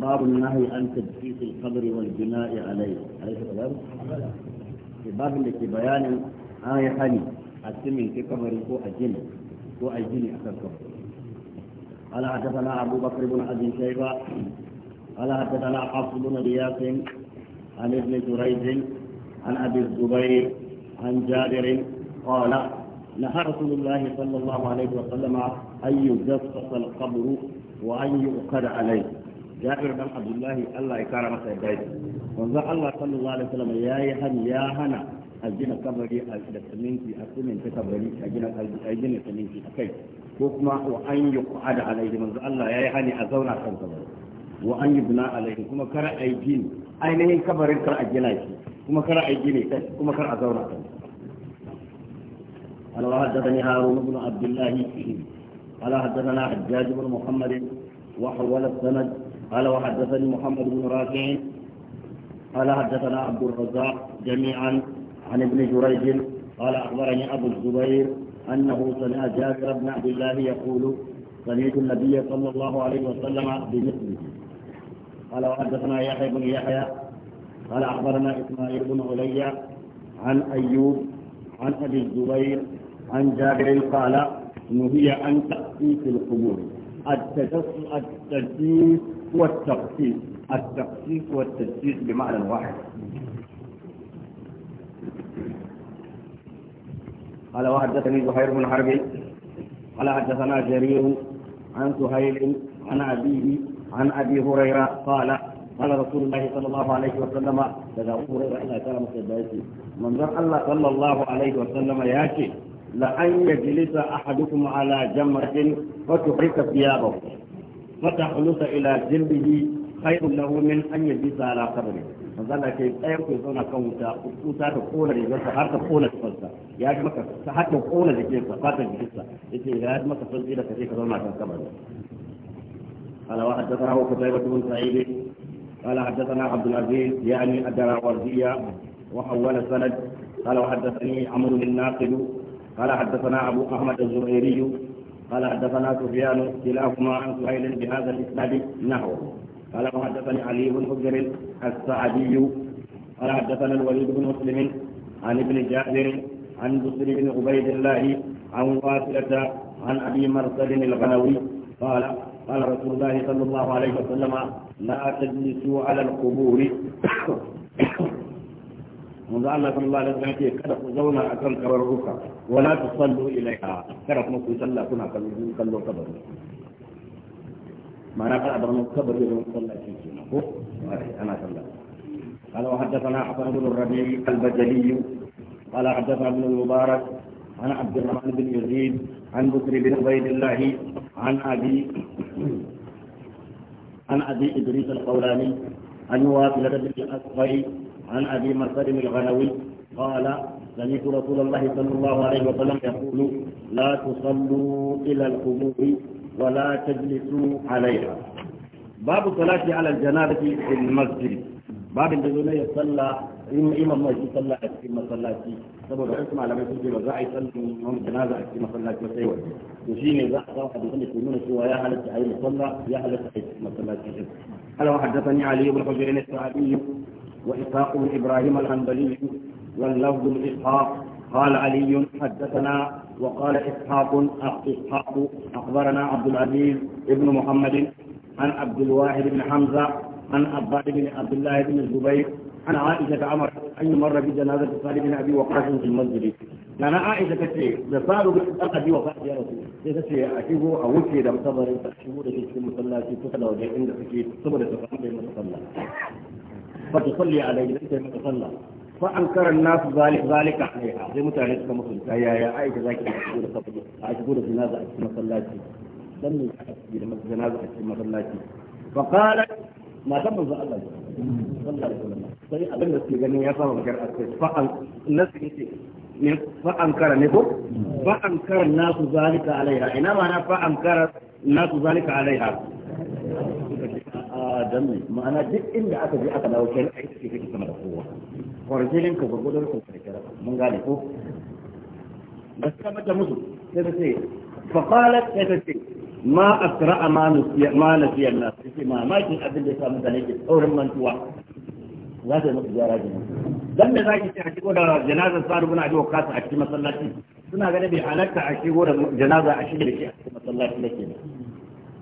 باب النهي عن تجسيس القبر والبناء عليه عليه السلام في باب اللي في بيان آية حني أسمي في قبر هو أجن هو أجن أكثر قبر قال حدثنا أبو بكر بن أبي شيبة قال حدثنا حفص بن رياس عن ابن جريج عن أبي الزبير عن جابر قال نهى رسول الله صلى الله عليه وسلم أن يجسس القبر وأن يؤخر عليه jabir dan abdullahi Allah ya kara masa yadda yake Allah sallallahu alaihi wasallam hani ya hana a gina kabari a da siminti a siminti kabari a gina a gina siminti a kai ko kuma wa an yi alaihi Allah hani a zauna kan kabari wa an yi alaihi kuma a yi gini ainihin kabarin kar a gina shi kuma kar a yi gini kuma kar a zauna kan قال هارون بن عبد الله قال حدثنا حجاج بن محمد وحول السند قال وحدثني محمد بن رافع قال حدثنا عبد الرزاق جميعا عن ابن جريج قال أخبرني أبو الزبير أنه سمع جابر بن عبد الله يقول سمعت النبي صلى الله عليه وسلم بمثله قال وحدثنا يحيى بن يحيى قال أخبرنا إسماعيل بن علي عن أيوب عن أبي الزبير عن جابر قال نهي أن تأتي في القبور التجسس هو التخصيص التخصيص والتجسيس بمعنى واحد قال وحدثني زهير بن حرب قال حدثنا جرير عن سهيل عن أبيه عن أبي هريرة قال قال رسول الله صلى الله عليه وسلم كذا أبو هريرة إلا كان من منظر الله صلى الله عليه وسلم ياتي لأن يجلس أحدكم على جمرة فتحرك ثيابه وتخلص إلى جنبه خير له من أن يجلس على قبره فظل إيه؟ أيوة، كيف أيوك يزون كم وتا تقول لي بس حتى تقول تفلسا يا جماعة حتى تقول لي كيف فات الجلسة إذا يا جماعة تفلسي لك كيف زون على قبره قال وحدثنا هو قتيبة بن سعيد قال حدثنا عبد العزيز يعني وردية وحول السند قال وحدثني عمرو بن ناقل قال حدثنا أبو أحمد الزهيري قال حدثنا سفيان كلاهما عن سهيل بهذا الاسناد نحو قال وحدثني علي بن حجر السعدي قال حدثنا الوليد بن مسلم عن ابن جابر عن بصر بن عبيد الله عن واسلة عن ابي مرسل الغنوي قال قال رسول الله صلى الله عليه وسلم لا تجلسوا على القبور منذ الله صلى الله عليه وسلم كيف كدف زونا أكرم كرر روكا ولا تصلوا إليها كرف مكو يسلى كنا كله كله كبر ما نقل أبر مكبر يلو صلى أنا صلى قال وحدثنا حسن بن الربيع البجلي قال حدثنا ابن المبارك عن عبد الرحمن بن يزيد عن بكر بن عبيد الله عن أبي عن أبي إدريس القولاني عن واقلة بن الأسفري عن ابي مرثد الغنوي قال سمعت رسول الله صلى الله عليه وسلم يقول لا تصلوا الى القبور ولا تجلسوا عليها باب الصلاة على الجنابه في المسجد باب الذين يصلى إن إمام الله صلى في المصلاة سبب الحكم على مسجد وزاع يصلى من جنازة في المصلاة وسيوة وشين إذا أخذوا قد يصلي كونون سوى يا هلت أي مصلى يا هلت أي مصلى في المصلاة حدثني علي بن حجر السعدي وإسحاق بن إبراهيم الحنبلي واللفظ الإسحاق قال علي حدثنا وقال إسحاق إسحاق أخبرنا عبد العزيز بن محمد عن عبد الواحد بن حمزة عن عباد بن عبد الله بن الزبير عن عائشة عمر أن مر بجنازة صالح بن أبي وقاص في المسجد لأن نعم، عائشة تسير لصالح بن أبي وقاص يا رسول الله تسير أشيبه أو وكي لم تظهر أشيبه في المصلى في كتلة وجاء عند سكي صبر تفهم بين المصلى فتصلي عليه إذا تصلى فأنكر الناس ذلك ذلك عليها زي متعلق كما قلت يا يا عائشة ذاك أشكور قبل يقول جنازة في صلاتي لم لما جنازة في صلاتي فقالت ما تم الله صلى الله عليه وسلم سي طيب، ابن الناس suke يا صاحب saba bakar a الناس من فانكر نبو فانكر الناس ذلك عليها انما انا فانكر الناس ذلك عليها adam danne ma'ana duk inda aka je aka dawo kenan ai take kake sama da kowa kwarjilin ka gurgudun ka kwarjilin mun gane ko da suka mata musu sai ta ce faqalat sai ta ce ma asra amanu ya ma nasiya na sai ma mamakin abin da ya samu da nake tsaurin mantuwa za ta yi musu gyara jinin dan me zaki ce a shigo da janazar saru bin abi wakasa a cikin masallaci suna ganin bai halatta a shigo da janaza a shigo da ke a cikin masallaci da ke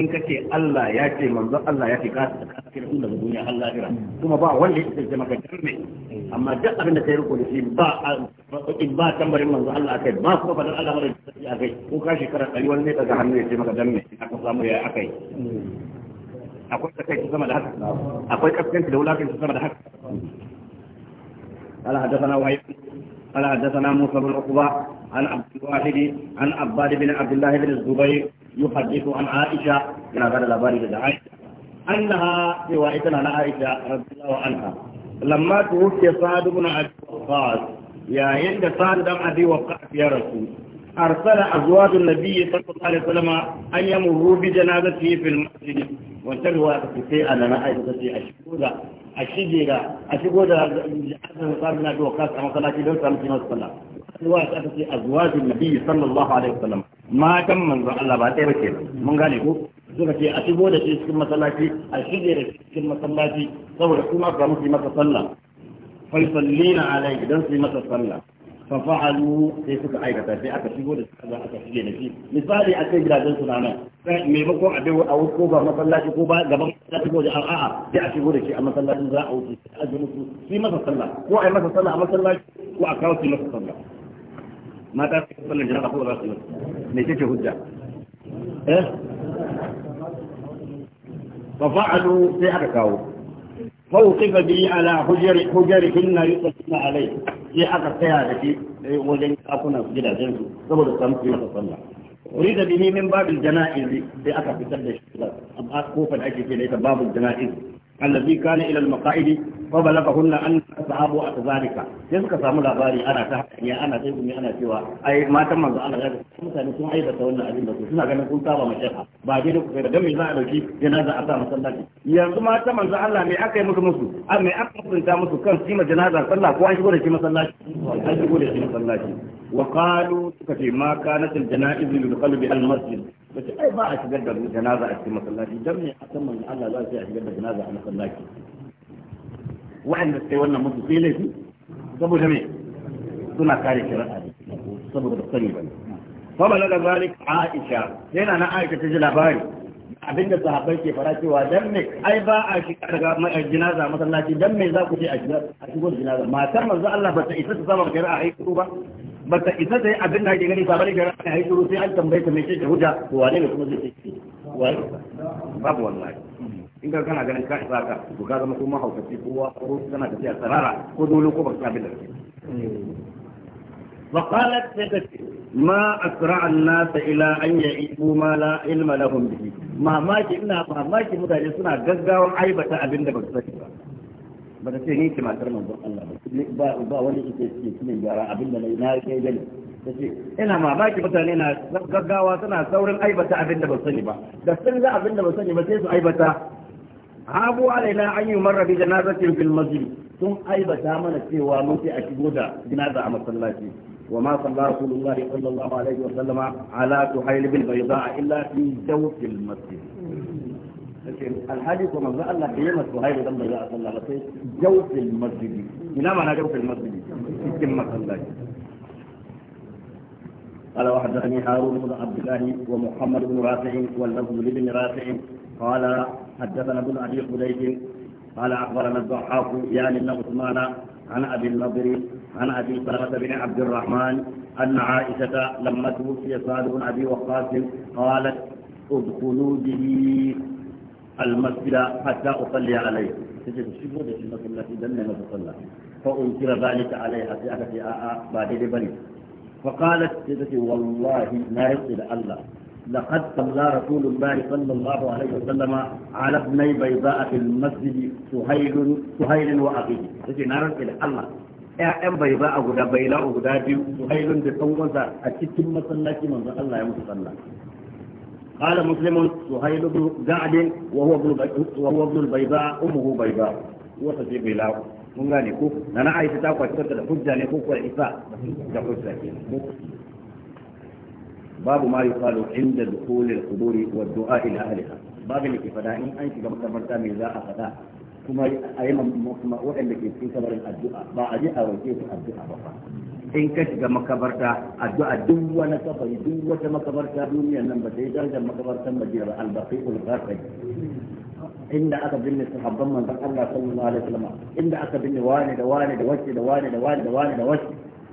in ka ce Allah ya ce manzo Allah ya ce ka ta ka kira inda duniya har lahira kuma ba wanda ya ce maka amma duk abin da kai ba tambarin manzo Allah akai ba kuma fadar Allah mara akai ko ka shekara wani ne daga hannu ya ce maka aka samu ya akai akwai sama da haka akwai da sama da haka قال حدثنا موسى بن عقبة عن عبد الواحد عن عباد بن عبد الله بن الزبير يحدث عن عائشة من غير الأباري عائشة أنها روايتنا عن عائشة رضي الله عنها لما توفي سعد بن أبي وقاص يا عند سعد بن أبي وقاص يا رسول أرسل أزواج النبي صلى الله عليه وسلم أن يمروا بجنازته في المسجد wancan ruwa ta sai a nan aiki ta ce a shigo da a shige da a shigo da azumin tsarin na doka a masallaci don samun kina sallah ruwa ta ta ce azwajin nabi sallallahu alaihi wasallam matan manzon Allah ba sai ba ke mun gane ko suka ce a shigo da shi cikin masallaci a shige da cikin masallaci saboda kuma ga musu masa sallah fa yusallina alaihi dan su yi masa sallah ففعلوا sai suka aikata sai aka shigo da suka za aka shige da shi misali a kai gidajen su nan maimakon a bai a wuce ko ba masallaci ko ba gaban masallaci ko da a'a sai a shigo da shi a masallacin za a wuce a ji musu shi masa sallah ko a yi masa sallah a masallaci ko a kawo shi masa sallah mata su yi sallar jana'a ko za su yi me ce hujja eh ففعلوا في أركاو فوقف بي على حجر حجرهن يطلقن عليه في حق قيادتي وجن كافنا جدا جنس أريد به من باب الجنائز بأكثر تسلش أبعاد كوفا الأجي في ليس باب الجنائز الذي كان إلى المقاعد فبلغهن أن أصحابه ذلك يسكى سامو لاباري أنا تحكي أنا تيبني أنا سوى أي ما تم أنا غير مثلا سوى أيضا تولنا أجل لكم سنة غنى كنت أبا مشيخة بعدين كفيرا دم إذا ألوكي جنازة أتا مسلاتي yanzu mata manzo Allah mai aka yi musu musu a mai aka kunta musu kan kima janaza sallah ko an shigo da shi masallaci an shigo da shi masallaci wa qalu suka ce ma kanat al janaiz lil qalbi al masjid bace ai ba a shigar da janaza a cikin masallaci dan me a san manzo Allah za su shigar da janaza a masallaci waɗanda sai wannan musu sai laifi saboda me suna kare shari'a saboda ba sani ba fa balaga zalik aisha sai na aisha ta ji labari abinda sahabbai ke fara cewa dan ne ai ba a shiga daga jinaza masallaci dan me za ku je a shiga a shigo da jinaza matar manzo Allah ba ta isa ta saba gara a haihu ba ba ta isa ta yi abin da ake gani ba bari gara a haihu sai an tambaye ta me ce ta hujja to wane ne kuma zai ce wai babu wallahi in ka kana ganin ka isa ka to ka zama kuma haukaci kowa ko kana tafiya sarara ko dole ko baka abin da kake وقالت سيدتي ما ma الناس إلى أن يعيبوا ما لا علم لهم به ما ماكي إنا ما ماكي مدعي سنة ba. su sani ba ba bata ce ni ce matar manzon Allah ba ba wani ke ce cikin gyara abin da na kai gani tace ina mamaki mutane na gaggawa suna saurin aibata abin da ba sani ba da sun ga abin da ba sani ba sai su aibata habu alaina an yi marra bi janazatin fil masjid sun aibata mana cewa mun sai a shigo da jinaza a masallaci وما صلى رسول الله صلى الله عليه وسلم على كحيل بن بيضاء الا في جوف المسجد الحديث ومن ذا الله بيما سهيل بن za صلى الله عليه وسلم جوف المسجد ma معنى جوف المسجد cikin masallaci قال وحدثني هارون بن عبد الله ومحمد بن رافع واللفظ لابن رافع قال حدثنا ابن ابي خديج قال اخبرنا الضحاك يعني ابن عثمان عن ابي النضر عن ابي سلمه بن عبد الرحمن ان عائشه لما توفي سعد بن ابي وقاص قالت ادخلوا به المسجد حتى اصلي عليه تجد الشبه في المسجد التي دمنا تصلى فانكر ذلك عليها في اكثر بعد بني فقالت والله لا يصل الله لقد صلى رسول الله صلى الله عليه وسلم على ابني بيضاء في المسجد سهيل سهيل واخيه سيدي نار الى الله يا ام بيضاء غدا بيلا غدا بي سهيل بتونسا اتيكم مسلكي من الله يا مسلم قال مسلم سهيل بن جعد وهو ابن وهو ابن البيضاء امه بيضاء وتجي بلا من غني كو انا عايز تاكو تكتب حجه لكو كو عيسى ده حجه babu ma yuqalu inda dukhulil quburi babu ne in an shiga makabarta me a fada kuma yi waɗanda ke cikin kabarin addu'a ba a je a in ka shiga makabarta addu'a duk wani kabari duk wata makabarta nan ba makabartar madina ba inda aka binne sahabban manzon Allah sallallahu alaihi wasallam inda aka binne wani da wani da da wani da wani da wani da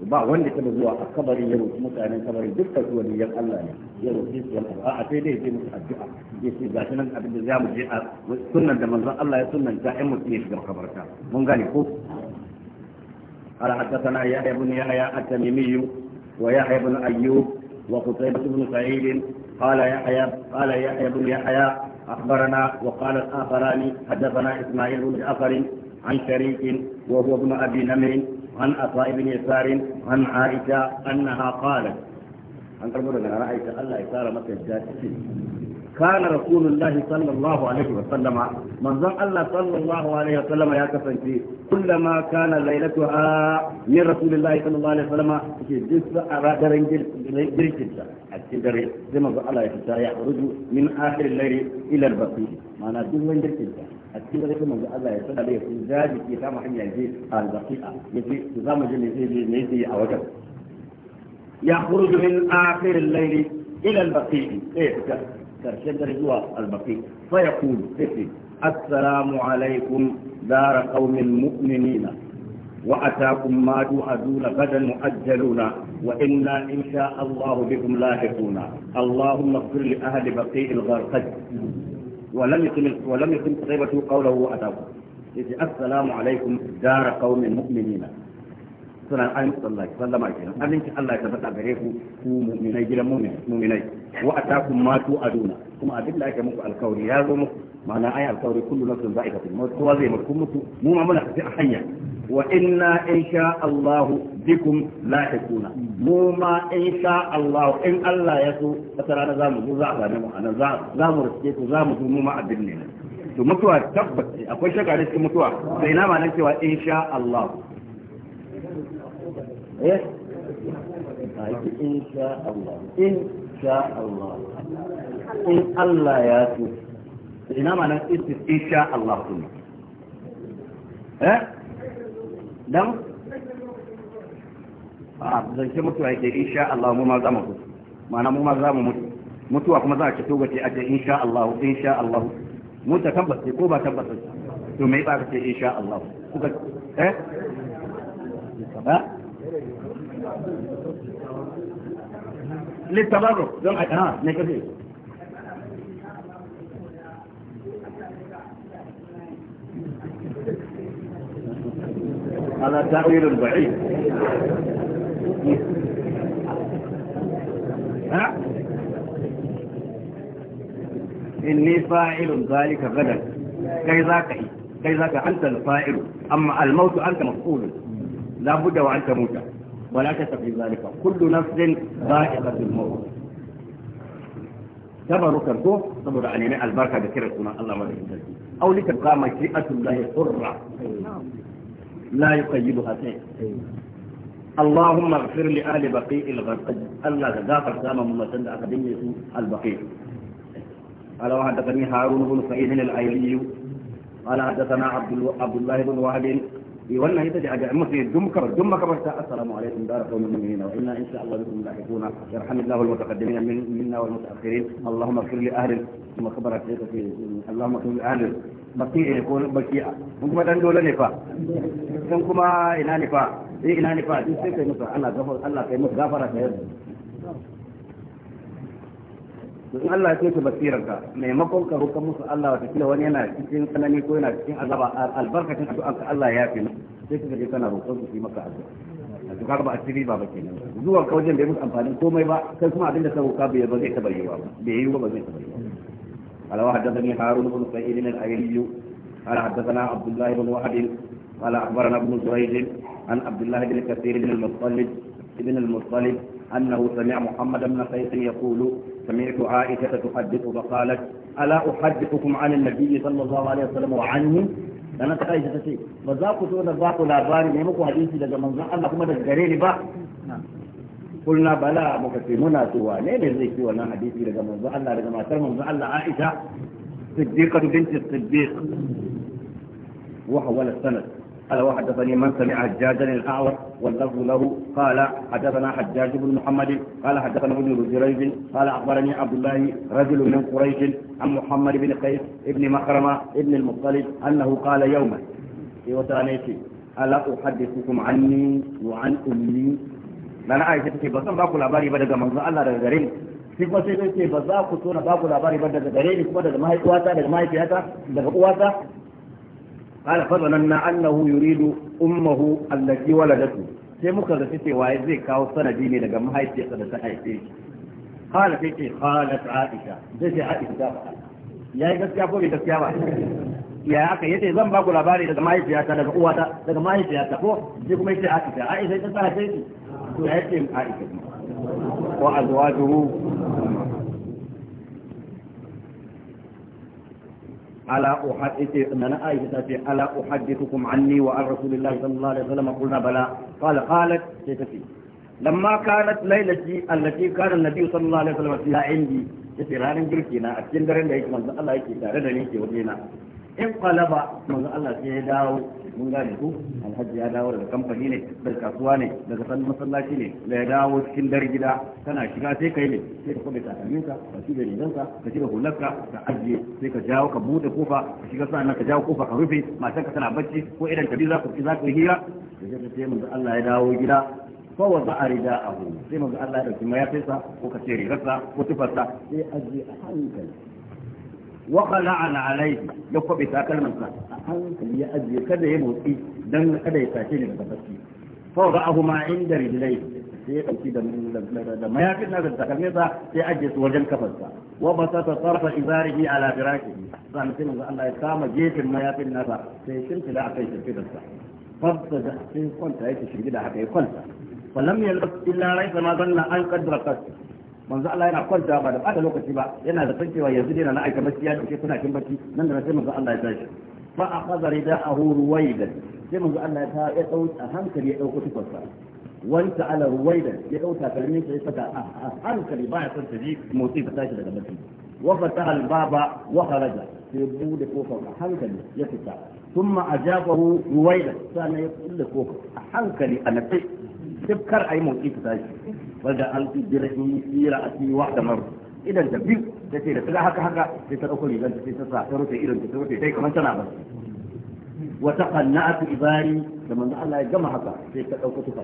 ba wanda ta zuwa a kabari ya roƙi mutanen kabari dukkan su waliyan Allah ne ya roƙi su wani a sai dai sai musu addu'a ya ce gashi nan abin da za mu je a sunnan da manzon Allah ya sunnan ta ɗan mutum ya shiga kabarta mun gane ko قال حدثنا يحيى بن يحيى التميمي ويحيى بن ايوب وقتيبة بن سعيد قال يحيى قال يحيى بن يحيى اخبرنا وقال الاخران حدثنا اسماعيل بن جعفر عن شريك وهو ابن ابي نمر عن عطاء بن يسار عن عائشة أنها قالت عن قربنا من عائشة ألا يسار مكة كان رسول الله صلى الله عليه وسلم من ظن الله صلى الله عليه وسلم يا كفنتي كلما كان ليلتها من رسول الله صلى الله عليه وسلم في جزء أرادر جريكتا التدري زي ما الله يفتح يخرج من آخر الليل إلى البقيع معناه جزء جريكتا a cikin zarafi manzo Allah ya sanar da ya kun zaji ke kama hanya je al-baqi'a yace to zamu je ne zai ne zai a wajen ya khuruju min akhir al-layl ila al-baqi'i sai fita karshen dare zuwa al-baqi fa yaqulu sai assalamu alaikum دار قوم مؤمنين وأتاكم ما توعدون غدا مؤجلون وإنا إن شاء الله بكم لاحقون اللهم اغفر لأهل بقيء الغرقد ولم يتم ولم يتم قوله وأتاه السلام عليكم دار قوم مؤمنين suna Allah sallah sallama kenan aminci Allah ya tabbata gare ku ku mu'minai gidan mu'minai wa atakum ma tu aduna kuma abin da ake muku alkawari ya zo muku ma'ana ai alkawari kullu nafsin za'iqatul maut kowa zai mutu mutu mu ma muna tafi a hanya wa inna insha Allah bikum lahiquna mu ma insha Allah in Allah ya so ta rana za mu zo za a same mu anan za mu riske ku za mu zo mu ma abin ne to mutuwa tabbata akwai shakka da cikin mutuwa sai na ma nan cewa insha Allah eh a yi in sha Allah in sha Allah in Allah ya so ina ma nan in sha Allah kuma eh dan a ah, zance mutuwa yake in sha Allah mu ma za mu mutu ma'ana mu ma za mu mutu mutuwa kuma za a ci tobace a ce in sha Allah in sha Allah mu ta tabbata ko ba tabbata to me ba ka ce in sha Allah kuka eh ba eh? للتبرك دول ها نكتب هذا تأويل بعيد ها إني فاعل ذلك غدا كي ذاك كي ذاك أنت الفاعل أما الموت أنت مفعول لا بد وأن تموت ولا شك في ذلك كل نفس ضائقة الموت تبارك الكو عن علينا البركة بكرة الله ما أو لتبقى مشيئة الله حرة لا يقيدها شيء اللهم اغفر لآل بقيء الغرقد الله غافر سامة ممتند أكاديمية البقيء قال وحدثني هارون بن سعيد الأيلي قال حدثنا عبد الله بن وهب يقولنا يتجع جعمه الدمكر الدمكر السلام عليكم دارك ومنهنين وإنا إن شاء الله بكم لاحقون يرحم الله المتقدمين من منا والمتأخرين اللهم اغفر لأهل المخبرة اللهم اغفر لأهل بقيع يقول بقيع هنكما تندول نفا هنكما إلى نفا إيه إلى نفا إنا نفا إيه الله كيمس غافرة in Allah ya ce basirar ka maimakon ka roƙa musu Allah wata kila wani yana cikin tsanani ko yana cikin azaba albarkacin addu'a ka Allah ya fi sai ka je kana roƙon su yi maka addu'a yanzu ka ba asiri ba kenan zuwa ka wajen bai musu amfanin komai ba kai kuma abin da ka roƙa bai ba zai taba yiwa ba bai yiwa ba zai taba yiwa قال وحدثني هارون بن سعيد الايلي قال حدثنا عبد الله بن وهب قال اخبرنا ابن جريج عن عبد الله بن كثير بن المطلب بن المطلب أنه سمع محمد بن قيس يقول سمعت عائشة تحدث فقالت ألا أحدثكم عن النبي صلى الله عليه وسلم وعني أنا تقايش تسي وذاك سؤال الضاق الأباني نيمكو حديثي لجا منظر الله كما تجريني با نعم. قلنا بلا مكتمنا سوى نين زي سوى أنا حديثي لجا منظر الله لجا منظر الله عائشة صديقة بنت الصديق وحول السند قال وحدثني من سمع حجاجا الاعور واللفظ له قال حدثنا حجاج بن محمد قال حدثنا ابن جريج قال اخبرني عبد الله رجل من قريش عن محمد بن قيس ابن مخرمه ابن المطلب انه قال يوما في وترانيتي الا احدثكم عني وعن امي انا عائشه تكي بس باكو لاباري ما منزل الله daga gare ni sai kuma sai ce بدل ما ku so na baku labari ba قال فظننا أنه يريد أمه التي ولدته sai muka zaci cewa ya zai kawo sanadi ne daga mahaifiyarsa da ta haife shi kala sai ce kala ta aisha zai ce aisha ta faɗa ya yi gaskiya ko bai gaskiya ba ya aka yace zan ba ku labari daga mahaifiyata daga uwata daga mahaifiyata ko sai kuma yace aisha aisha ta sa haife shi to ya ce aisha wa azwajuhu ala uhaddithu nana aisha ta ce ala uhaddithukum anni wa an rasulillahi sallallahu alaihi wasallam qulna bala qala qalat ta لما كانت ليلتي التي كان النبي صلى الله عليه وسلم فيها عندي في ranar girki na a cikin daren da yake manzo Allah yake tare da ni ke wajena in qalaba manzo Allah sai ya dawo mun gane ku alhaji ya dawo daga kamfani ne daga kasuwa ne daga san masallaci ne da ya dawo cikin dar gida kana shiga sai kai ne sai ka kwabe takalminka ka ka shiga rigan ka shiga hularka ka ajiye sai ka jawo ka bude kofa ka shiga sa'an ka jawo kofa ka rufe matan ka tana bacci ko idan ka bi za ku za ku hira da sai ta mun Allah ya dawo gida kowar ba a rida a sai mun Allah ya dauki mayafinsa ko ka ce rigarsa ko tufarsa sai ajiye a hankali وخلعن عليه يقوم بيتاكل من كان أحاول يا أزي كده دم كده يتاكل من فوضعه ما عند رجليه سيئة وكيدا من الملاد ما يأكل ناس الزكال ميزا سيأجس وجن كفزا وبسط طرف إزاره على فراشه فمثل أن الله يتقام جيت الميات الناس سيشمت لا عقيت في بسا فبسا جحسين قلت هيت الشيء كده حكي قلت فلم يلبس إلا ليس ما ظن أن قدر رقصت manzo Allah yana kwanta ba da bada lokaci ba yana da tankewa yanzu dai na aika bacci ya dauke kuna kin bacci nan da sai manzo Allah ya tashi fa akhadha ridahu ruwaidan sai manzo Allah ya ya a hankali ya dauko tufarsa wanta ala ruwaida ya dauka kalmin sai a hankali baya son ta ji motsi ta tashi daga bacci wa fataha al-baba wa kharaja sai bude kofar a hankali ya fita ثم أجابه رويدا كان يقول لك a hankali a نفسه تبكر أي موقف تاشي wanda an kudura shi yi ra'asi wa da maru idan da biyu ta ce da ta haka haka sai ta ɗauko rigar ta sai ta sa ta rufe irin ta rufe sai kamar tana ba wata kanna a ibari da manzo Allah ya gama haka sai ta ɗauko tufa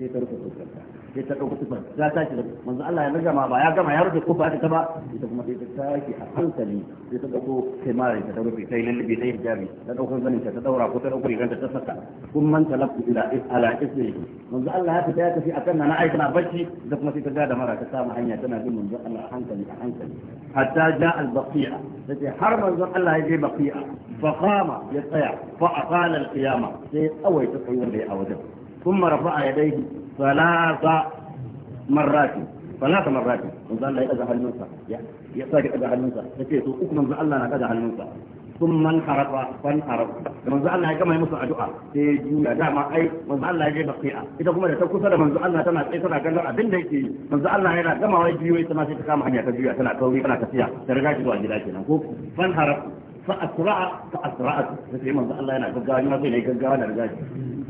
sai ta rufe kufarta sai ta ɗauki kufar ta tashi da manzo Allah ya gama ba ya gama ya rufe kufa ta ba ita kuma sai ta tashi a hankali sai ta ɗauko sai mare ta ta rufe sai lallabe sai hijabi ta ɗauko zanin ta ta daura ko ta ɗauko riganta ta saka kun man talabtu ila ala isrihi manzo Allah ya fita ya tafi akan na aika na bacci da kuma sai ta ga da mara ta samu hanya tana bin manzo Allah a hankali a hankali hatta ja al baqi'a sai har manzo Allah ya je baqi'a fa qama ya tsaya fa aqala al qiyama sai tsawaita tsayuwar da ya a wajen ثم رفع يديه ثلاث مرات ثلاث مرات وظل يقدح المنصة يحتاج يقدح المنصة فكيت أكمن زعل لنا قدح المنصة ثم انحرف فانحرف من زعل لها كما يمسع جوعة تيجي دعم أي من زعل لها جيب الصيئة إذا إيه كما يتوقف سنة من زعل لها تنعت أي سنة كان لها بين ديتي من زعل لها كما يجيوي تماسي تقام حنيا تجيوي تنعت كوي تنعت كسيئة ترجع جدوا عجلاتي نقوم فانحرف فأسرع فأسرع في الله أنا جعان ما فيني أنا الرجال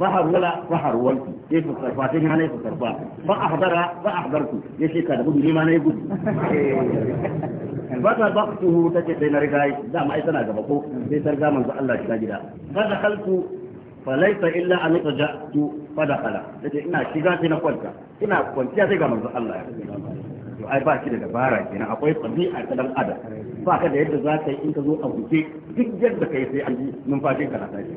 فهر ولا فهر ولا كيف الصرفاتين هنا كيف الصرفات فأحضر فأحضرت يشي كذا بدي ما أنا يقول فطبقته تجتين رجاي لا ما أنا جبكو في سرقة من الله شجرة فدخلت فليس إلا أن رجعت فدخل إن شجاتي نقولك إنا قلت يا سيدي من الله ai ba shi da dabara kenan akwai tabi'a ta dan adam ba ka da yadda za ka yi in ka zo a guje duk yadda ka yi sai an ji numfashin ka na tashi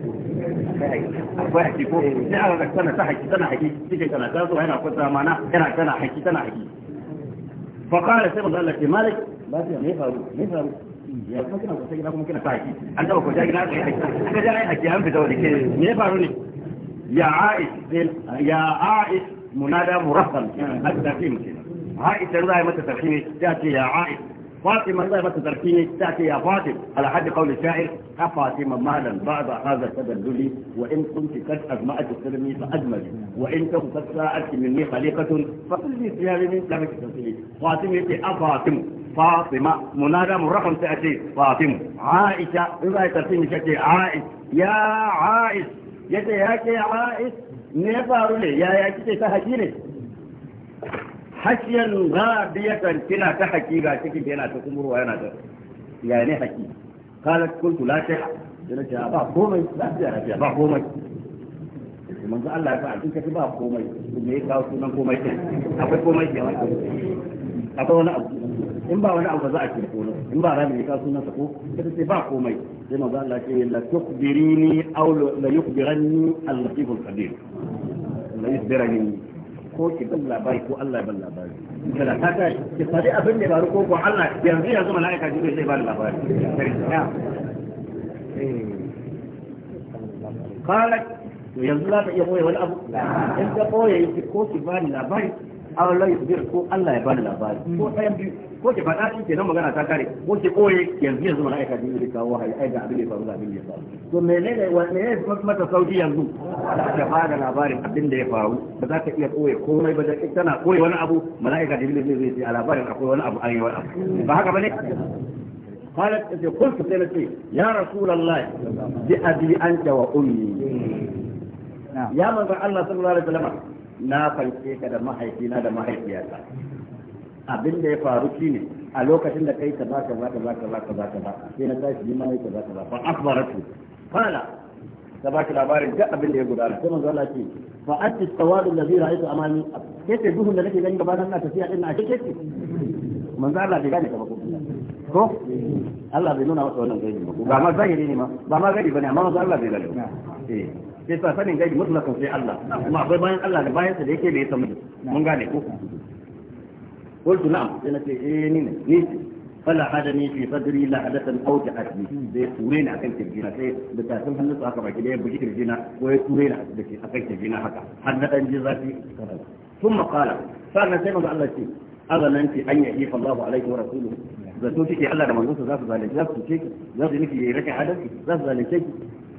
akwai haki ko sai aka ga tana ta haki tana haki cikin kana ta zo yana kwanta mana yana tana haki tana haki fa qala sai manzo Allah ke malik lafiya me faru me faru ya kuma kina kwanta gida kuma kina ta haki an taba ko gida ka yi haki ka da ai haki an fita wani ke me faru ne ya aish ya aish munada murahhal at-tafim kenan aish ruwa mata tafsiri ta ce ya aish فاطمة ما تتركيني تأتي يا فاطمة على حد قول الشاعر أفاطمة مالا بعد هذا التدلل وإن كنت قد أجمعت سلمي فأجمل وإن كنت قد ساءت مني خليقة فقل لي سيالي من كمك تتركيني فاطمة أفاطمة فاطمة منادى مرقم تأتي فاطمة عائشة إذا تركيني شكي عائش يا عائش يا عائش ne faru يا يا kike hashiyan ghabiyatan kina ta ciki cikin yana ta kumurwa yana ta ya ne haki qalat kuntu la shay'a yana ce ba komai lafiya lafiya ba komai manzo Allah ya fa duka ba komai me ya kawo sunan komai ke akwai komai ke wani akwai wani abu in ba wani abu za a cikin ne in ba rami ya kawo sunan sa ko kada ce ba komai sai manzo Allah ce la tukhbirini aw la yukhbirani al-latif al-qadir la yukhbirani ko ki dan labari ko Allah ya ban labari kala ta kai ki fadi abin ne faru ko ko Allah yanzu yanzu malaika ji zai ba labari eh. kala yanzu za ta iya koya wani abu in ta boye ko ki ba labari aw la yusbir ko Allah ya bani labari mm. ko ɗayan biyu ko ke faɗa shi ke nan magana ta kare ko ke koye yanzu yanzu mana aika jini da kawo hayi aika abin da ya faru abin da ya faru to menene wanne ne mata sauki yanzu da ba da labarin abin da ya faru ba za ka iya koye komai ba da tana koye wani abu mala'ika jibril zai ce a labarin akwai wani abu an yi wani abu ba haka bane قالت قلت سنتي يا رسول الله بأبي أنت وأمي يا من الله صلى الله عليه وسلم na fanke ka da mahaifina da mahaifiyata abin da ya faru shi ne a lokacin da kai ka za ka za ka za ka za ka za ka sai na tashi ni mai ka za ka za ka fa akbaratu fala ta ba ki labarin duk abin da ya gudana sai manzo Allah ce fa atti tawadu allazi ra'aytu amami kace duhun da nake gani gaba na tafiya din na kike manzo Allah bai gane ka ba ko Allah bai nuna masa wannan gaibi ba ba ma zahiri ne ma ba ma gaibi bane amma manzo Allah bai gane eh sai sa sanin gaibi mutlakan sai Allah kuma akwai bayan Allah da bayan sa da yake bai samu mun gane ko قلت نعم انا في ايه نينا نيسي فلا حدني في صدري لا حدث او جاءت لي زي سورين اكن ترجينا سي بتاسم هنس اكا باكي دي بجي ترجينا وي سورين دكي اكن ترجينا هكا حدث ان جزاتي ثم قال فانا سيما الله شيء أظننت أن يحيف الله عليك ورسوله zato kike Allah da manzon sa za su zalunce za su ce za su miki raka adalci za su zalunce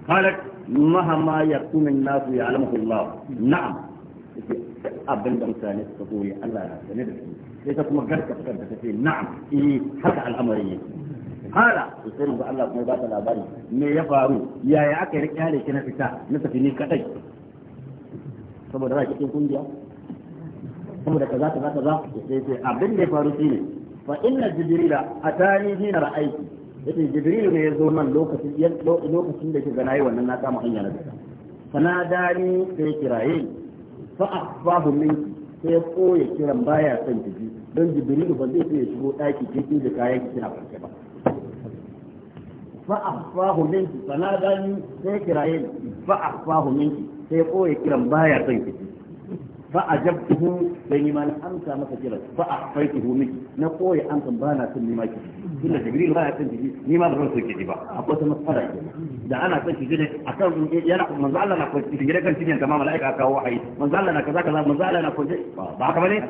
قالت مهما يكون الناس يعلمه الله نعم abin da mutane suka goye Allah ya sani da su sai ta kuma garka fitar da tafi na'am eh haka hala sai Allah kuma ba ta labari me ya faru yaya aka yi kyale ki na fita na tafi ni kadai saboda cikin kungiya saboda kaza kaza kaza sai sai abin da ya faru shine fa jibrila atani hina ra'aiti yace jibril ne ya zo man lokacin lokacin da kiga nayi wannan na kama hanya na gaba ni, sai kiraye fa akhfahu min sai ko ya kiran baya son jiji don jibril ba zai iya shigo daki cikin da kayan ki na farke ba fa akhfahu minki fanadani sai kiraye fa akhfahu min sai ko ya kiran baya son jiji فأجبته بينما الأمسى ما كثيرا فأحفيته منك نقوي أنت بانا سن ما كثيرا جبريل ما يكن تجي نيما برسو كتبا أقوى تمسخرة da ana son shi gine akan yana manzo Allah na kwanci gine kan cikin tamam malaika aka kawo wahayi manzo Allah na kaza kaza manzo Allah na kwanci ba haka bane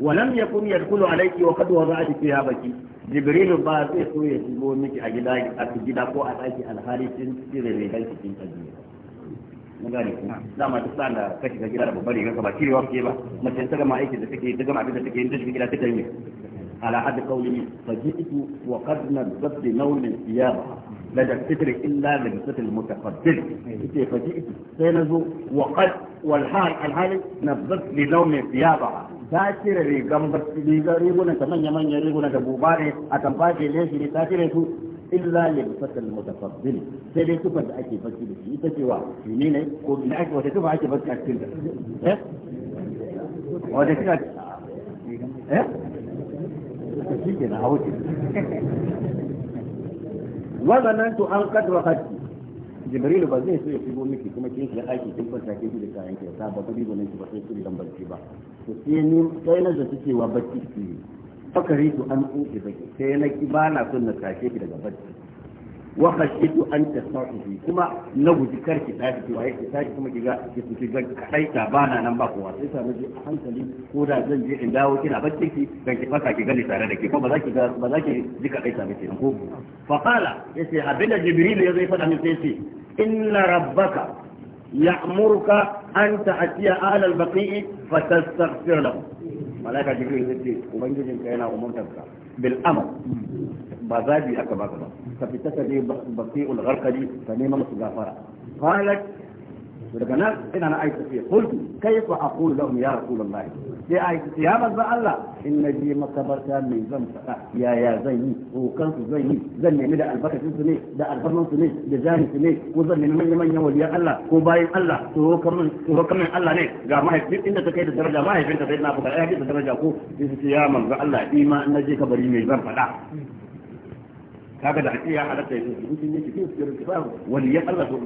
ولم يكن يدخل عليك وقد وضعت فيها بكي jibril ba zai so ya shigo miki a gida a gida ko a daki alhari sun sirri kai cikin mun gane ku dama duk sa'an da ka shiga gida da babbar rigar ka ba cirewa ke ba mace ta gama aikin da take ta gama abin da take yin ta shiga gida take yi على حد قوله فجئت وقد نبذت بنول ثيابها لدى الستر الا للستر المتقدم فجئت سينزو وقد والحال الحال نبذت بنول ثيابها ta cire rigan rigan riguna ta manya manya riguna da buba ne a tamfa ke leshi ne ta cire su illa lil fasal mutafaddil sai dai da ake bacci da shi ita ce wa ko ina ake wata tufa ake bacci a cikin eh wata tufa eh shi ke an kadwa ba zai so ya shigo miki kuma kin shiga aiki kin kwanta kin da kayan ki ba saba ba ne ki ba sai kudi dan barci ba to sai ni sai na zata cewa barci ki fakaritu an uke baki sai na ki ba na son na tashe ki daga bacci wa khashitu an tasahi kuma na guji kar ki tashi ki waye ki tashi kuma ki ga ki ki ga kai ta bana nan ba kowa sai sai ji hankali ko da zan je in dawo kina bacci ki dan ki faka ki gani tare da ki ko ba za ki ga ba za ki ji ka kai ta miki ko fa qala yace abinda jibril ya zai fada min sai ce inna rabbaka ya'muruka an ta'tiya ala al-baqi'i fatastaghfir lahu malaika jibril ya ce ubangijin ka yana umurtar ka bil amr ba zabi aka baka ba ka fita ka je ul gharqadi ka nema musu gafara qalat daga nan ina na aika ce qultu kayfa aqulu lahum ya rasulullahi sai a ya manzan Allah in na je makabarta mai zan faɗa yaya zan yi kokan su zan yi zan nemi da albarkacin su ne da albarman su ne da jani su ne ko zan nemi manyan manyan waliyan Allah ko bayan Allah to kaman to kaman Allah ne ga mahaifin inda ta kai da daraja mahaifin ta sai na buƙata ya da daraja ko sai su ce ya manzan Allah ima in na je kabari mai zan faɗa kaga da ake ya halatta ya zuci mutum yake cikin sirrin tifahu wani ya Allah to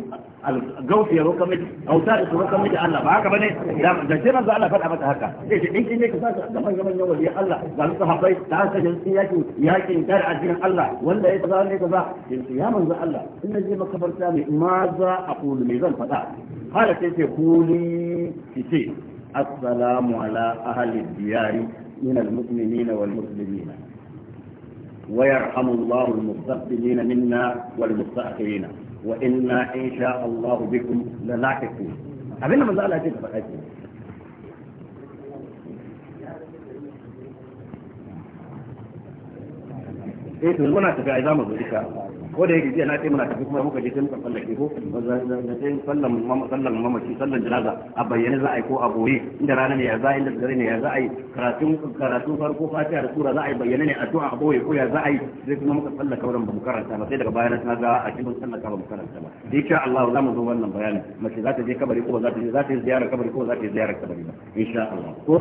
gauti ya roƙa miki auta da su roƙa miki Allah ba haka bane da sai manzo Allah faɗa mata haka sai ce in kin ne ka sa gaban gaban ya wali Allah ga su sahabbai da aka jin sun yaki yakin dar addinin Allah wanda ya tsara ne kaza in ya manzo Allah in na je makabarta ne ma za a kulu me zan faɗa hala sai ce kuli ki ce assalamu ala ahli diyari min al-mu'minina wal muslimina ويرحم الله المستقبلين منا والمستأخرين وإنا إن شاء الله بكم للاحقون أبينا ما زال أجيب بقيت إيه تقولنا أتفع إذا ما الله ko da yake jiya na ce muna tafi kuma muka je sai muka sallake ko na ce sallan sallan mamaci sallan janaza a bayyane za a yi ko a boye inda rana ne ya za a yi dare ne ya za a yi karatun karatun farko fatiha da sura za a yi bayyane ne a addu'a a boye ko ya za a yi sai kuma muka sallaka wurin ba mu karanta ba sai daga baya na ga a cikin sallaka ba mu karanta ba insha Allah za mu zo wannan bayani mace za ta je kabari ko ba za ta je za ta yi ziyara kabari ko ba za ta yi ziyara kabari ba insha Allah ko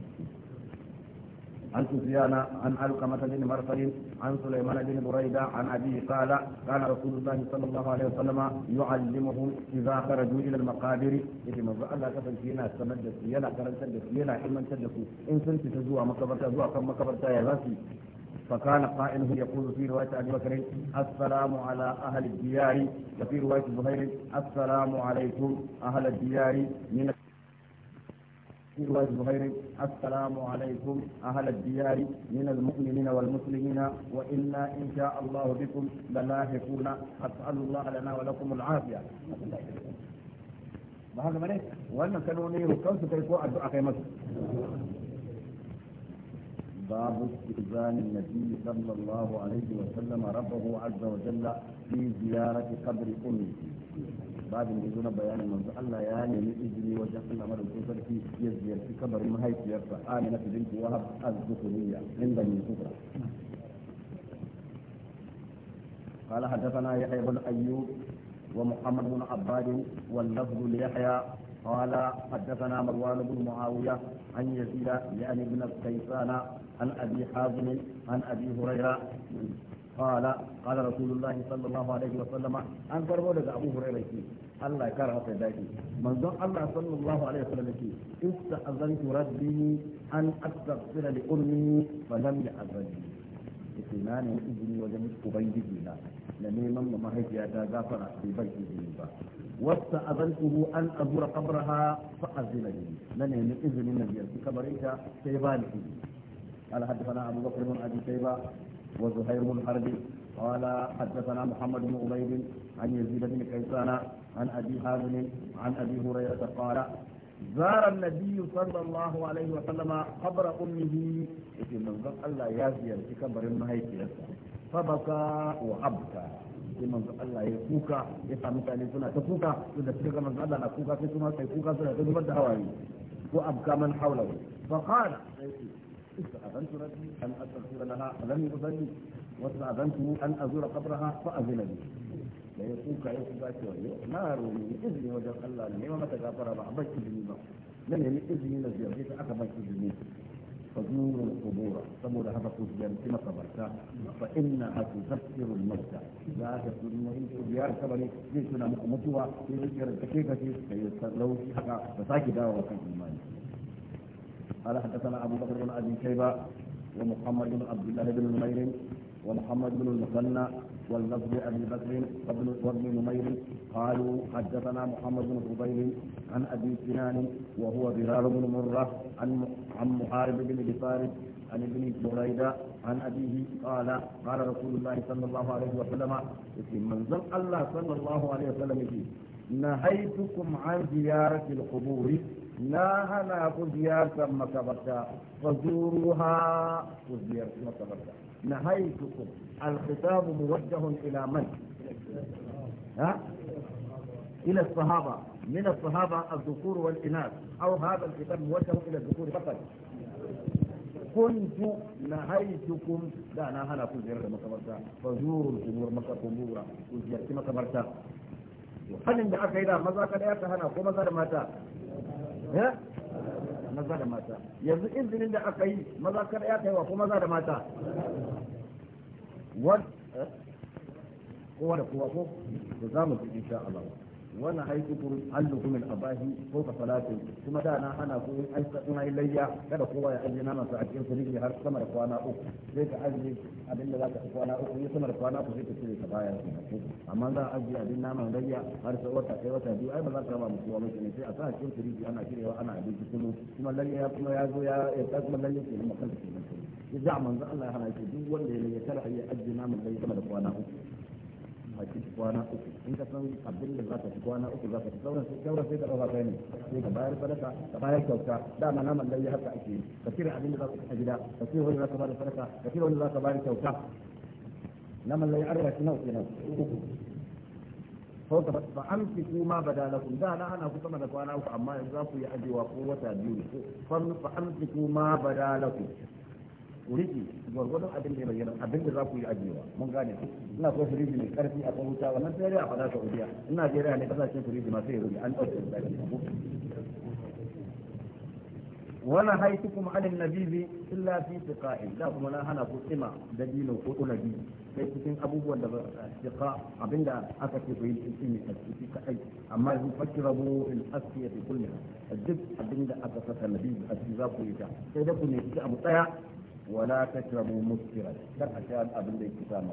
عن سفيان عن علقمة بن مرسل عن سليمان بن بريدة عن أبيه قال كان رسول الله صلى الله عليه وسلم يعلمهم إذا خرجوا إلى المقابر إذا ما الله كفل فينا سمجد يلا كرن تدس يلا حمن تدس إن سنت تزوى مقبرة زوى كم مقبرتا يا فكان قائله يقول في رواية أبي بكر السلام على أهل الديار وفي رواية زهير السلام عليكم أهل الديار من في رواية زهير السلام عليكم أهل الديار من المؤمنين والمسلمين وإنا إن شاء الله بكم للاحقون أسأل الله لنا ولكم العافية ba haka bane wannan kalmomi rukkan su kai ko addu'a باب استئذان النبي صلى الله عليه وسلم ربه عز وجل في زيارة قبر أمه babin da zo na bayanin manzo Allah ya nemi izini wajen Allah madaukakin sarki ya ziyarci kabarin mahaifiyarsa Amina binti Wahab az-Zuhriya inda min kubra قال حدثنا يحيى بن ايوب ومحمد بن عباد واللفظ ليحيى قال حدثنا مروان بن معاويه عن يزيد يعني بن كيسان عن ابي حازم عن ابي هريره قال قال رسول الله صلى الله عليه وسلم أن فرموا لك أبو هريرة الله كره من الله صلى الله عليه وسلم استأذنت ربي فلم na izini wajen ubangiji na neman ma mahaifiyata gafara bai bai izini ba wasta azantuhu an azura qabraha fa azina li na nemi izinin na biyar kabarin ta sai ba ni izini قال حدثنا ابو بكر وزهير بن حرب قال حدثنا محمد بن عبيد عن يزيد بن كيسان عن ابي حازم عن ابي هريره قال زار النبي صلى الله عليه وسلم قبر امه في منزل الله يازير في قبر المهيكله فبكى وابكى sai manzo Allah ya kuka ya sa mutane suna ta kuka su da suka manzo Allah na kuka sai kuma sai kuka suna ta zubar da hawaye ko abka man hawla fa qala sai استأذنت نفسي أن أستغفر لها فلم يؤذني واستأذنت أن أزور قبرها فأذن لي ليكون كيف ذاك نار من إذن وجل الله لي وما تغفر بعضك بني بعض لم يؤذني نفسي أبيت أكبرك بني فزور القبور ثمود هذا قصدين كما قبرت فإنها تذكر الموتى لا تذكر المهم تذيار كبني ليسنا مقمتها في ذكر الدقيقة فيستلوش حقا فساكدا وكيف المالي قال حدثنا أبو بكر بن أبي شيبة ومحمد بن عبد الله بن نمير ومحمد بن المثنى والنصر أبي بكر وابن وابن نمير قالوا حدثنا محمد بن فضيل عن أبي سنان وهو بلال بن مرة عن عن محارب بن بفارس عن ابن بريدة عن أبيه قال قال رسول الله صلى الله عليه وسلم في منزل الله صلى الله عليه وسلم نهيتكم عن زيارة القبور لا هنا خزيار ثم تبرتا فزوروها خزيار ثم تبرتا نهيتكم الخطاب موجه الى من؟ ها؟ الى الصحابه من الصحابه الذكور والاناث او هذا الكتاب موجه الى الذكور فقط كنت نهيتكم لا هنا خزيار ثم تبرتا فزوروا الجمهور مكه قبورا خزيار ثم تبرتا وحنن بحق اذا مزاك الايه هنا ومزاك ماتا Eh? maza da mata yanzu izinin da aka yi maza kar ya kai wa ko maza da mata wani eh? kowa da kowa ko da za mu ji insha Allah wannan haiku turu hallu min abahi ko ka salatu kuma da na ana ko in ai suna layya kada kowa ya aje nama su a cikin firiji har sama da kwana uku sai ka aje abin da zaka kwana uku ne sama da kwana uku sai ka cire ka bayar amma za a aje abin nama layya har sai wata kai wata biyu ai ba za ka raba musu wani ne sai a sa cikin firiji ana cirewa ana abinci kullum kuma layya kuma ya zo ya ya kuma layya ke kuma kansa ke nan ya za manzo Allah ya hana shi duk wanda ya layya kar a yi aje nama layya sama da kwana uku a ci kwana uku in ka san abin da za ka ci kwana uku za ka ci sauran sai sauran sai ka ɗauka kai ne sai ka bayar sadaka ka bayar kyauta dama naman lalle haka ake yi ka cire abin da za ka ci a gida ka cire wani za ka bada sadaka ka cire wani za ka bayar kyauta naman lalle an raba shi nawa kenan uku ko ka ba an fi kuma bada lakum da na ana kusa da kwana uku amma yanzu za ku yi ajewa ko wata biyu ne fa an fi kuma bada lakum riji gwargwadon abin da ya bayyana abin da za ku yi ajiyewa mun gane su ina so mai karfi a kan wuta wannan sai a faɗa Saudiya ina jera ne kasashen firiji masu yi an ɗauke da wala illa fi tiqa'in hana ku tsima da dino ko ulabi da tiqa abinda aka ce ku yi a kai aka saka a cikin za ku ta tsaya ولا تشربوا مسكرا لك أبن ذي كتاب